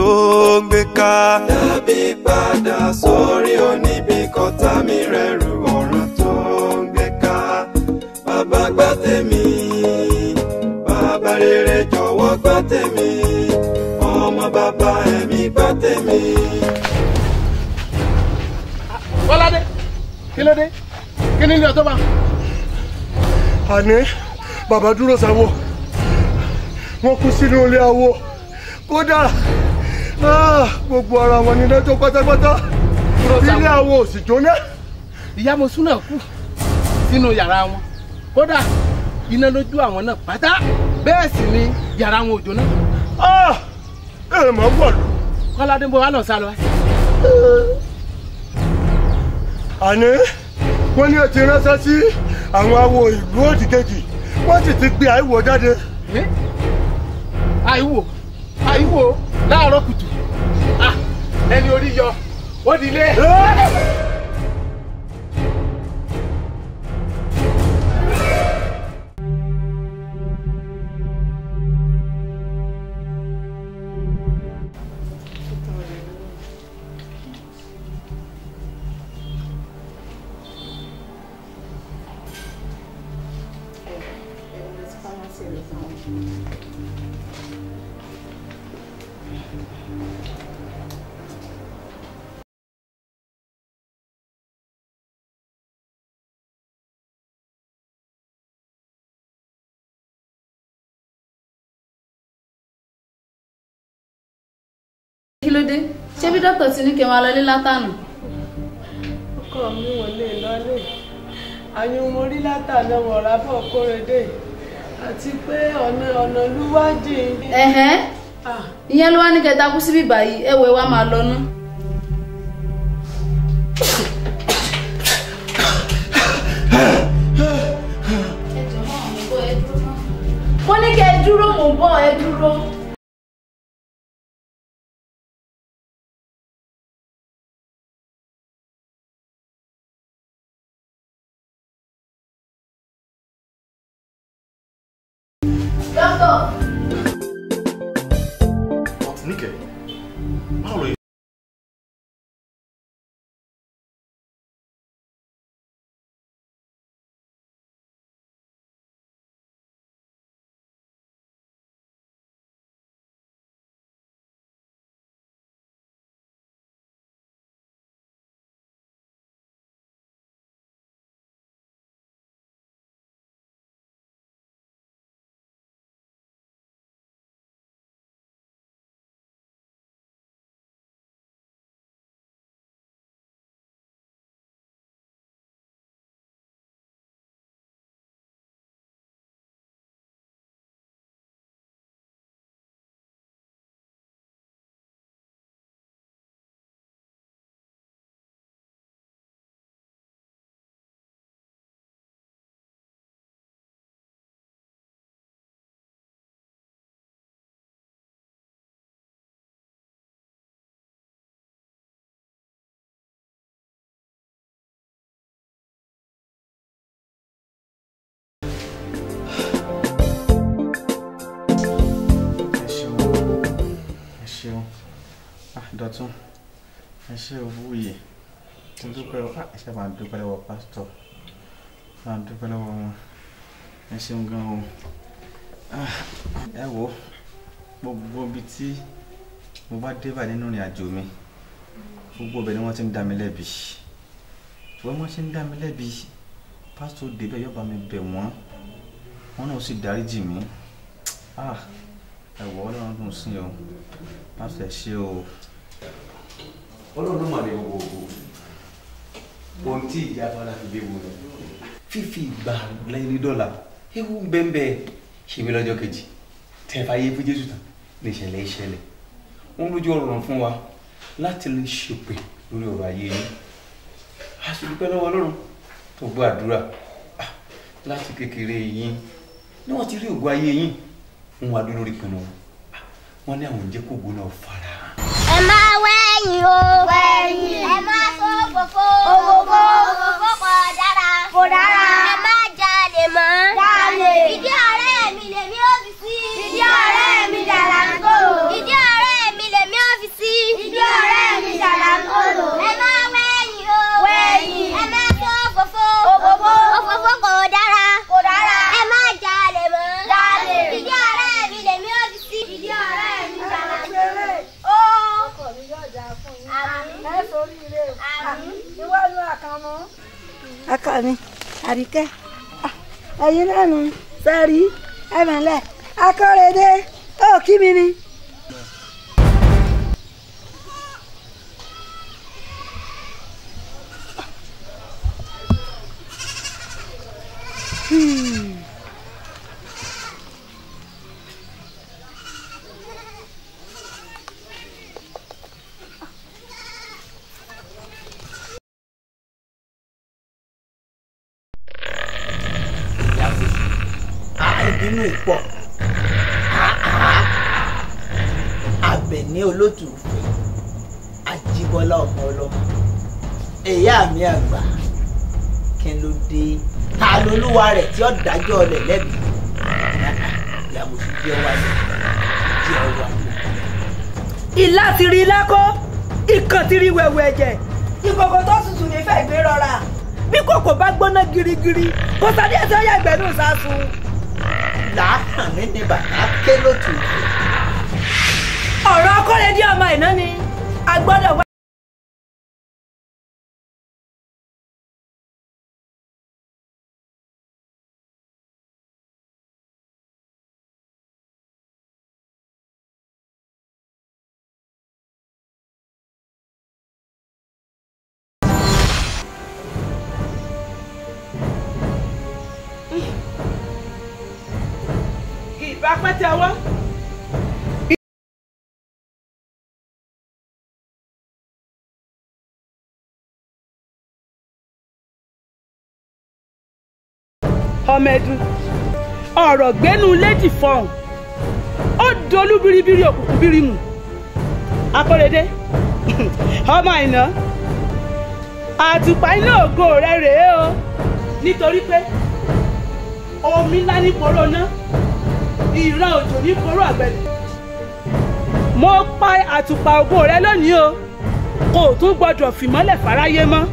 tó ń gbé ká. dábì padà sórí oníbi kọta mi rẹrù ọ̀run tó ń gbé ká. bàbá gbà tèmi bàbá rere jọ̀wọ́ gbà tèmi ọmọ bàbá ẹ̀mí gbà tèmi. bọ́ládé kí ló dé kí ni ilé ọ̀tọ́ bá. àní bàbá dúró sáwọ́ wọ́n kú sínú ilé awo kódà Ah, gbogbo ara wọn ni lẹ́jọ́ pátápátá ilé àwọn òsì jóná. ìyá Mosún náà kú sínú yàrá wọn kódà iná lójú àwọn náà pátá bẹ́ẹ̀ sì ni yàrá wọn ò jóná. Ah, ẹ mọ̀ ń bọ̀ lù. kọ́ládé ń bọ̀ wá lọ sá lọ. àní wọ́n ní o ti ránṣẹ́ sí àwọn awo ìlú òdìkejì wọ́n sì ti gbé àìwò jáde. àìwò. Eh? àyíwò láàárọ̀ kùtù ah, ẹni orí yọ wọ́n dilé. kí ló dé ṣé bí dókítà ti ní kí n wá lọlé látànù. ọkọ mi ò lè lọlé àyùn mo rí látànù ọ̀rá bọ̀ kórede àti pé ọ̀nà ọ̀nà lúwájì. ẹ̀hẹ́n ìyẹn ló wá ní kẹta kú síbí báyìí ẹ̀wẹ̀ wa máa lọ ná. mo ní kẹ́ ẹ dúró mò ń ẹ dúró. Dọ̀tun ẹ ṣe owó ah, ẹ ṣe máa dúpẹ́ lọ́wọ́ pásítọ̀ máa dúpẹ́ lọ́wọ́ wọn ẹ ṣeun gan o ah, ẹ wo gbogbo ibi tí mo bá dé bá nínú ìrìn àjò mi gbogbo ibẹ̀ ni wọ́n ti ń dá mi lẹ́bi ṣùgbọ́n wọ́n ṣe ń dá mi lẹ́bi pásítọ̀ débẹ̀ yóò bá mi bẹ̀ wọ́n wọ́n náà sì dáríjì mí ah, ẹ wọ́ ọlọ́run dùn sí o pásítọ̀ ẹ ṣe o ọlọ́run ló mà ní gbogbo ògbó ohun tí ìjà fara fi léwu rẹ̀ fífi ìgbà lẹ́yìn dọ́là ewu ń bẹ́ẹ̀ bẹ́ẹ̀ ṣe mí lọ́jọ́ kejì tẹ́ ẹ bá yé fún jésù tán ní ìṣẹ̀lẹ̀ ìṣẹ̀lẹ̀ wọn lójú ọ̀rọ̀ fún wa láti lè ṣèpè lórí ọ̀rọ̀ ayé yín a sì dúpẹ́ lọ́wọ́ ọlọ́run tó gbọ́ àdúrà láti kékeré yín ni wọ́n ti rí ògo ayé yín ń wá dúró lórí pinnu wọn ní àwọn ìjẹ́kọ̀ọ́gbó wẹ̀yìn o. ẹ má sọ òfófó. òfófó. òfófó kò dára. kò dára. ìwọ nu àkànmọ́. ọkọ mi àríkẹ́ ah, ẹ̀yin náà nù sẹ́rí ẹ̀mẹ̀lẹ̀ akọ́rẹ́dé ó kí mi ni. Hmm. mi pọ̀ àbẹ̀ní olótùúfẹ́ àjíbọ́lá ọmọ ọlọ́mọ ìyá mi àgbà kí n ló dé ta lolúwa rẹ̀ tí ó dájọ́ ọlẹ̀ lẹ́bi ìyá mo fi jẹ́ wá lọ jẹ́ wá lọ. ìlà ti rí lákọ́ ikàn ti rí wẹ̀wẹ̀ ẹ̀jẹ̀ ìkòkò tó tutù nífẹ̀ẹ́ ìgbéròra bí kòkò bá gbóná girigiri kò sáré ẹsẹ̀ ó yàgbẹ́ nù sásùn làákàn mi ni bàbá ké lótú. ọ̀rọ̀ akọ́rẹ́dé ọmọ ìná ni a gbọ́dọ̀ wá. ọmọdún ọ̀rọ̀ gbẹ́nu léjì fọ̀hún ó dolú biribiri òkùnkùn birimu akọ́rẹ́dé ọmọ àìná àtùpà iná ògo rẹ rèé o nítorí pé omi ńlá ní poró ná ìran òjò ní poró àgbẹ̀lẹ̀ mo pa àtùpà ògo rẹ lónìí o kò tún gbọdọ̀ fìmọ́lẹ̀ fáráyé mọ́.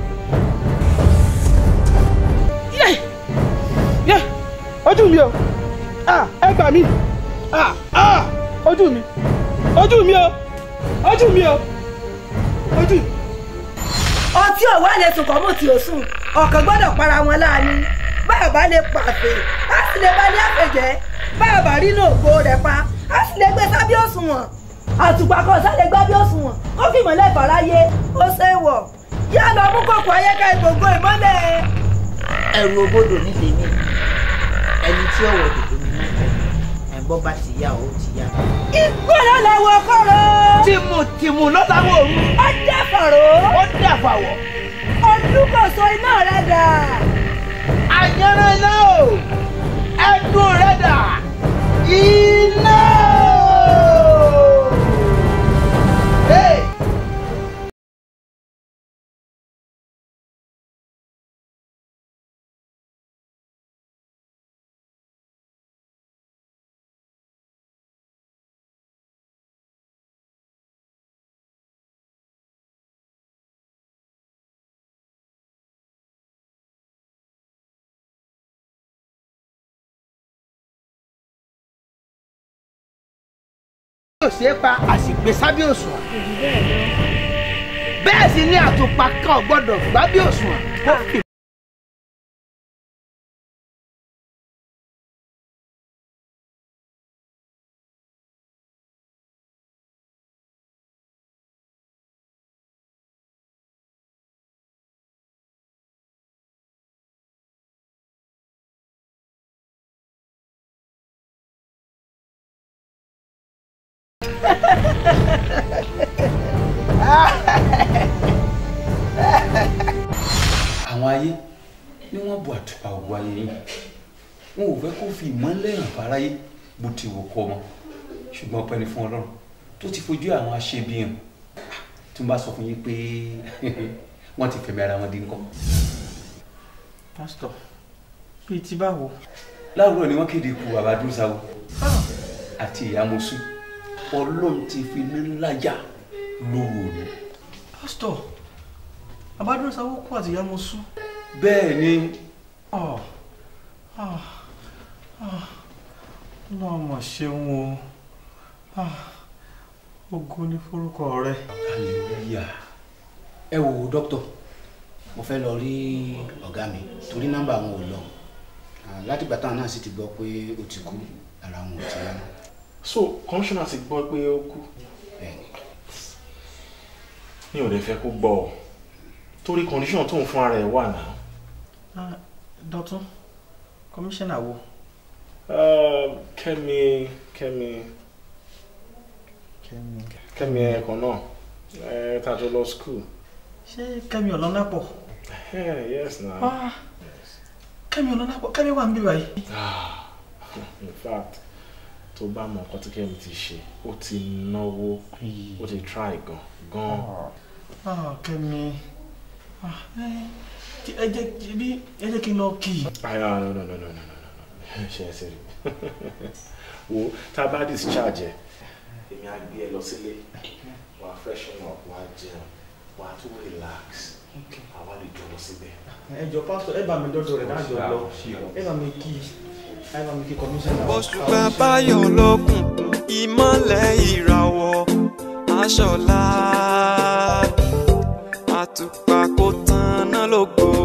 yẹ ojú mi o ẹ gbà mí ojú mi ojú mi o ojú mi o ojú mi. ọtí ọ̀wá lè sùn kọ́ mọ̀ tí o sùn ọ̀kan gbọ́dọ̀ para wọn láàánú bàbá lè pàṣẹ á sì lè balẹ̀ àpèjẹ́ bàbá rínú ògbó rẹ̀ pa á sì lè gbé sábí òṣùwọ̀n àtùpà kan sáré gbá bí òṣùwọ̀n kó fìmọ̀lẹ́ ìfọ̀ráyé ó ṣe wọ̀ yá lọ mú kòkò ayẹ́ká ìmọ́lẹ̀ ẹrù òbodò nílé ní ẹni tí ọ̀wọ̀ dòdò ní ọkọ̀ ẹ̀gbọ́n bá ti yá o ti yá. ìgbóná làwọn kọ́rọ̀. tìmùtìmù ló láwọn òru. ó dàfàrọ̀. ó dàfàwọ̀. ojúkòso iná rẹ̀ dà. àyànràn náà ẹ̀dùn rẹ̀ dà. yìí. kò ṣeé pa àsìgbè sábẹ́ òṣùwọ̀n. bẹ́ẹ̀ sì ni àtùpà kan ò gbọ́dọ̀ gbábẹ́ òṣùwọ̀n kó ah. fa òwú ayé yín n ò fẹ́ kó fi ìmọ́lẹ̀ hàn fáráyé bó ti wò kọ́ ọmọ ṣùgbọ́n ọpẹ́ ni fún ọlọ́run tó ti fojú àwọn aṣebi hàn tí mo bá sọ fún yín pé wọ́n ti fẹ̀mí ara wọn dín kọ́. pásítọ̀ bíi ti báwo. láàárọ̀ ni wọ́n kéde ikú bàbá dúnsáwò ah. àti ìyá ọlọ́run ti fi ní ńlá yá lóru òní. pásítọ̀ bàbá kú àti ìyá bẹ́ẹ̀ ni ah ah ah ọlọ́run mà ṣeun o ah ògo ni forúkọ rẹ. hallelujah ẹ wo dókítà mo fẹ́ lọ rí ọ̀gá mi torí nọ́mbà àwọn ò lọ látìgbà táwọn náà sì ti gbọ́ pé ó ti kú ara wọn so kọmíṣánná ti gbọ́ pé ó kú. mi ò lè fẹ́ kó gbọ́ ọ torí kọ́ndíṣọ̀n tóun fún ara ẹ̀ Dọ̀tún kọmíṣánná wo. Uh, Kẹ́mi Kẹ́mi Kẹ́mi ẹ̀kọ́ náà ẹ̀ eh, tá a jọ lọ skul. ṣé Kẹ́mi Ọ̀lànàpọ̀. Eh, yes na. Ah, Kẹ́mi Ọ̀lànàpọ̀ Kẹ́mi wà ń bí báyìí. Ah, in fact tó bá mọ nǹkan tí Kẹ́mi ti ṣe ó ti náwó ó ti try gan gan. Ah, Kẹ́mi. Ah, eh ẹ jẹ́ bí ẹ jẹ́ kí n lọ kì í. ayọ̀ ah, no no no no no no ṣe ẹ ṣe rí wo tá a bá discharge ẹ èmi á gbé ẹ lọ sílé wàá freshen up wàá jẹun wàá tún relax àwa lè jọ lọ síbẹ̀. ẹ jọ pásítọ̀ ẹ bá mi dọdọ rẹ náà jọ lọ ẹ bá mi kí ẹ bá mi kí kọmíṣánná. òṣùpá báyọ̀ lókun ìmọ̀lẹ̀ ìràwọ̀ aṣọ́lá àtùpà kò tán náà lógo.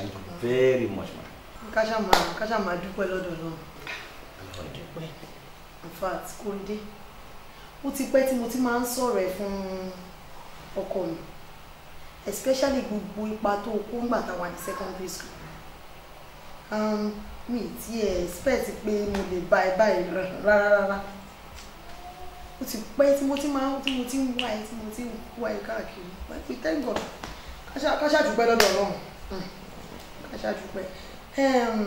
thank you very much ma. káṣá máa káṣá máa dúpẹ́ lọ́dọ̀ náà dúpẹ́ in fact kò dé ó ti pẹ́ tí mo ti máa ń sọ̀rọ̀ ẹ̀ fún ọkọ mi especially gbogbo ipa tó kó ńgbà táwa ní secondary school um, mi ti ẹ̀ expect pé mo lè bá ẹ báyìí rárá rárá ó ti pẹ́ tí mo What máa ń tí mo ti ń wá ẹ tí mo ti ń wá ẹ káàkiri pé thank God káṣá káṣá dúpẹ́ lọ́dọ̀ ọlọ́run. Hmm ṣàdúpẹ́ ehm,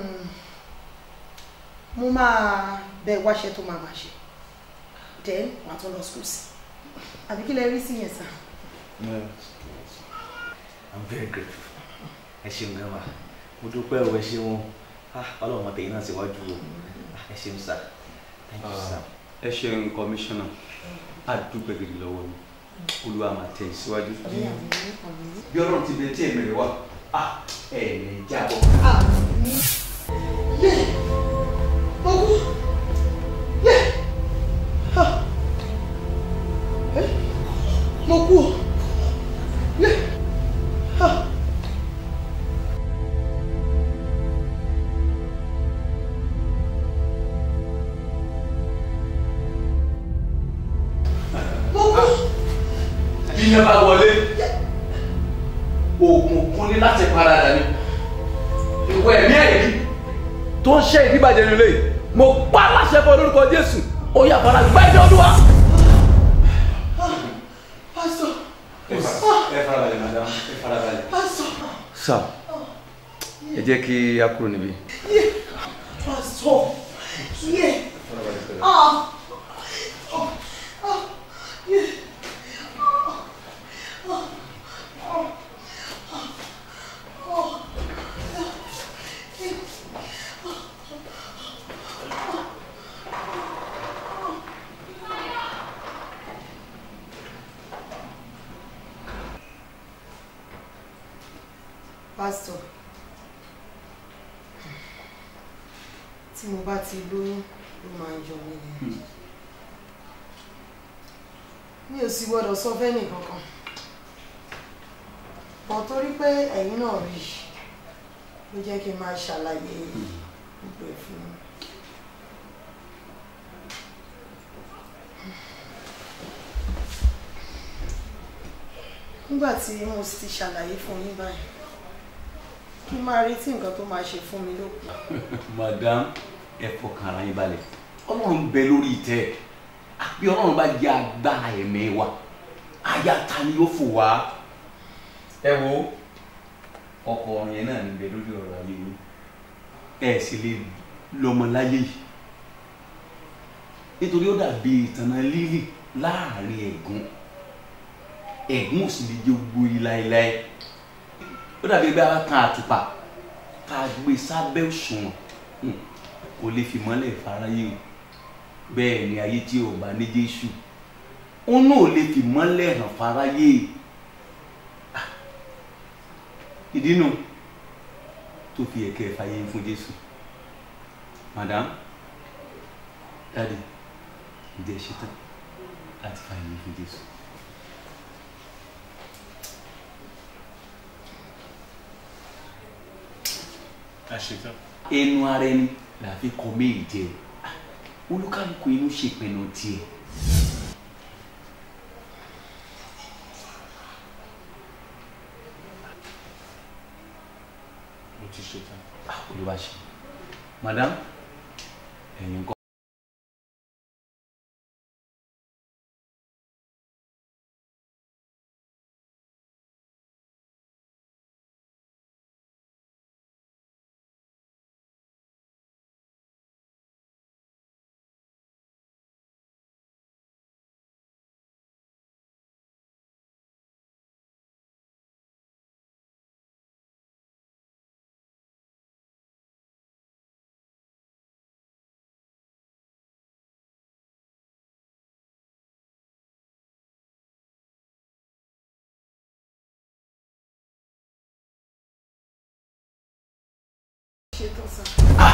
mo máa bẹ wáṣẹ́ tó máa máa ṣe then wàá tún lọ school sí àbí kí lẹ rí sí yẹn sá. I'm very grateful ẹ ṣeun gan wa mo dúpẹ́ ẹ ṣeun ọlọ́run ọmọdé yìí náà síwájú o ẹ ṣeun ah, ah, sá thank you sá. Ah, ẹ ṣeun kọmíṣánná àdúgbò gidi lọ́wọ́ mi olúwa máa tẹ̀ síwájú bí ọlọ́run ti bẹ tí èmi rẹ̀ wá ẹ̀ẹ̀mí jábọ́. yẹ ọkú yẹ mo kú o. gbọ́dọ̀ sọ fẹ́ni kankan bọ́ torí pé ẹ̀yin náà rí ló jẹ́ kí n máa ṣàlàyé gbogbo ẹ̀ fún mi. nígbà tí mo ti ṣàlàyé fún yín báyìí kí n máa retí nǹkan tó máa ṣe fún mi ló kù. madam ẹ fọkàn ara yín balẹ̀ ọlọ́run ń bẹ lórí ìtẹ́ bí ọlọ́run bá jẹ́ agbára ẹ̀mí wa aya ta ni yóò fò wá ẹ wo ọkọ yẹn náà ń bẹ lórí ọ̀rọ̀ ayé yìí ẹ sì lè lọ́mọláyé yìí nítorí ó dàbí ìtànà lílì láàrin ẹ̀gún ẹ̀gún ò sì lè jẹ́ gbogbo iláíláí ó dàbí ẹgbẹ́ ara kan àtùpà ká gbé sábẹ́ òṣùwọ̀n kò lè fi mọ́lẹ̀ fáráyé o bẹ́ẹ̀ ni ayé tí ò bá ní Jésù òun náà lè fi mọ́lẹ̀ hàn fáráyé ah. ìdínú tó fi ẹ̀kẹ́ fàyè fún Jésù madam dadi ǹjẹ́ ṣetán láti fàyè fún Jésù. ẹnu ara ẹni làá fi kọ́ méjì jẹ́ ah. olúkálùkù inú ṣèpinnu tiẹ̀. ti ṣe tán. Ah, olùwàṣẹ madam ẹ̀yin kọ́.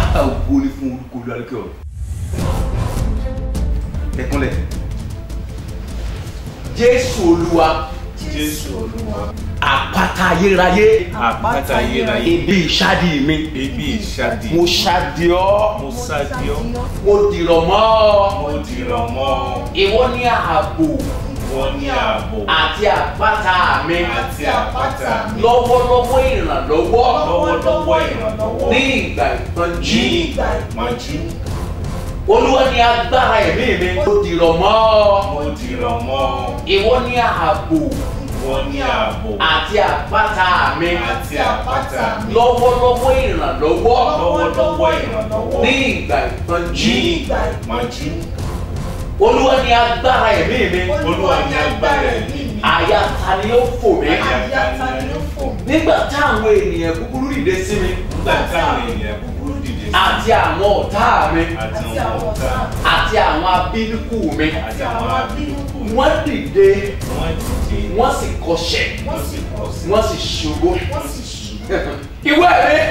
ògo ni fún orúkọ olú alókè ọ̀run ẹ̀kúnlẹ̀ jésù olúwa jésù olúwa àpáta ayérayé àpáta ayérayé ibi ìsádi mi ibi ìsádi mo sádi ọ́ mo sádi ọ́ mo dìrọ̀ mo dìrọ̀ mọ́ ni ààbò wọ́n ní ààbò àti àpáta mi àti àpáta mi lọ́wọ́lọ́wọ́ ìrànlọ́wọ́ lọ́wọ́lọ́wọ́ ìrànlọ́wọ́ ní ìgbà ìpọ́njú ní ìgbà ìpọ́njú olúwa ni agbára ẹ̀mí mi mo dìrọ̀ mọ́ mo dìrọ̀ mọ́ ìwọ ni ààbò wọ́n ní ààbò. àti àpáta mi. àti àpáta mi. lọ́wọ́lọ́wọ́ ìrànlọ́wọ́. lọ́wọ́lọ́wọ́ ìrànlọ́wọ́. ní ìgbà ìpọ́njú. ní ìgbà ìpọ́njú olúwa ni agbára ẹ̀mí mi olúwa ni agbára ẹ̀mí mi àyà ta ni ó fò mí nígbà táwọn ènìyàn búburú dìde sí mi nígbà táwọn àti àwọn ọ̀tá mi àti àwọn abínúkù mi wọ́n dìde wọ́n sì kọsẹ̀ wọ́n sì ṣubú ìwé mi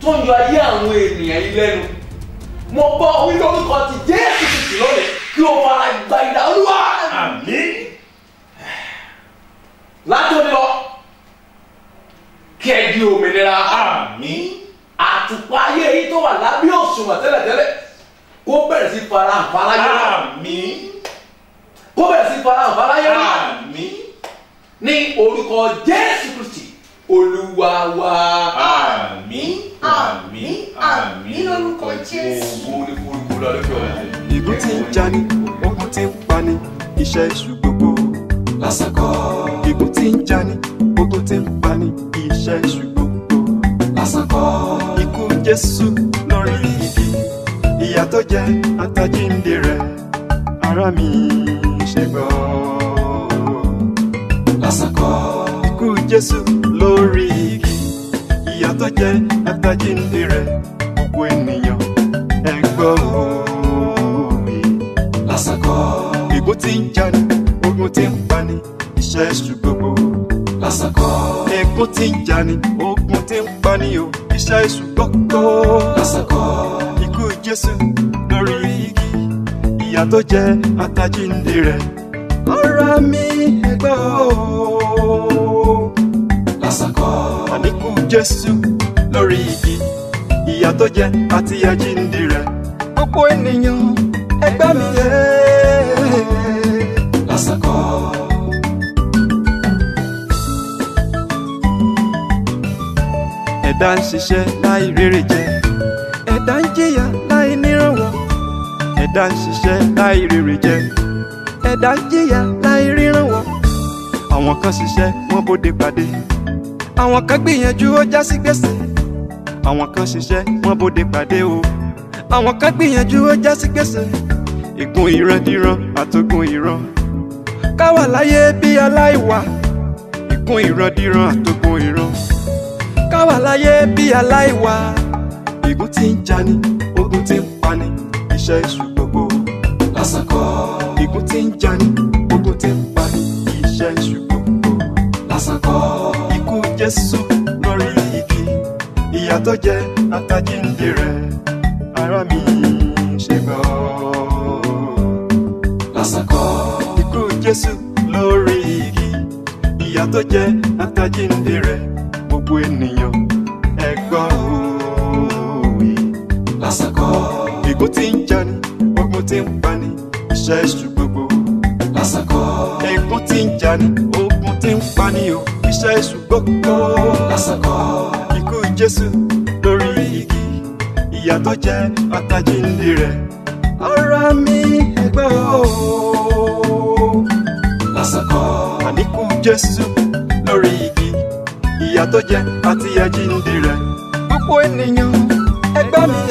tó yọ ayé àwọn ènìyàn yìí lẹ́nu mo bọ́ wí lórúkọ ti Jésù Kristi lónìí kí o fara gba ìdá olúwa. àmín. látòní lọ kí ẹ di òmìnira. àmín. àtùpà ayé yìí tó wà lábẹ́ òṣùwọ̀n tẹ́lẹ̀tẹ́lẹ̀ kó bẹ̀rẹ̀ sí fara àfárá yẹn. àmín. kó bẹ̀rẹ̀ sí fara àfárá yẹn. àmín. ní orúkọ jésù kristi olúwa wa. àmín àmín àmín lórúkọ jésù. ògùn ní kúrúkú lọ lókè ọ̀rẹ́. ìlú ti ń jani ogun ti ń pani iṣẹ́ èṣù gbogbo. lásìkò. ìlú ti ń jani ogun ti ń pani iṣẹ́ èṣù gbogbo. lásìkò. ikú jésù lórí ibi ìyà tó jẹ àtàjíǹde rẹ ara mi ṣe gbọ́. lásìkò. ikú jésù orí igi ìyá tó jẹ àtàjíǹde rẹ̀ gbogbo ènìyàn ẹ gbọ́ mi. lásàkọ́ ègbó tí ń jani ogun tí ń pani iṣẹ́ èṣù gbogbo. lásàkọ́ ègbó tí ń jani ogun tí ń pani o iṣẹ́ èṣù gbogbo. lásàkọ́ ikú Jésù lórí igi ìyá tó jẹ rẹ̀ ọ̀rọ̀ mi ẹ gbọ́ ikú Jésù lórí igi ìyà tó jẹ àti àjíǹde rẹ̀ gbogbo ènìyàn ẹgbẹ́ mi yé. lásìkò. ẹ̀dá ń ṣiṣẹ́ láì rere jẹ ẹ̀dá ń jìyà láì nírànwọ́ ẹ̀dá ń ṣiṣẹ́ láì rere jẹ ẹ̀dá ń jìyà láì rírànwọ́ àwọn kan ṣiṣẹ́ wọn bóde pàdé àwọn kan gbìyànjú ó já sí gbèsè àwọn kan ṣiṣẹ́ wọ́n bóde pàdé o àwọn kan gbìyànjú ó já sí gbèsè ìgún ìrandíran àtògùn ìran káwà láyé bí aláìwà ìgún ìrandíran àtògùn ìran káwà láyé bí aláìwà ìgún tí ń jani ogun tí ń pani iṣẹ́ èṣù gbogbo lásán kọ́ ìgún tí ń jani ogun tí ń pani iṣẹ́ èṣù gbogbo lásán kọ́. Jésù lórí igi ìyà tó jẹ àtàjíǹde rẹ̀ ara mi ṣe gbọ́. lásàkọ́ ikú Jésù lórí igi ìyà tó jẹ àtàjíǹde rẹ̀ gbogbo ènìyàn ẹ gbọ́ òwe. lásàkọ́ ègún tí ń jani ogun tí ń pani iṣẹ́ èṣù gbogbo. lásàkọ́ ègún tí ń jani ó pani o iṣẹ́ èṣù gbogbo lásìkò ikú Jésù lórí igi ìyà tó jẹ àtàjíǹde rẹ̀ ara mi ẹgbẹ́ o lásìkò àníkú Jésù lórí igi ìyà tó jẹ àti àjíǹde rẹ̀ gbogbo ènìyàn ẹgbẹ́ mi.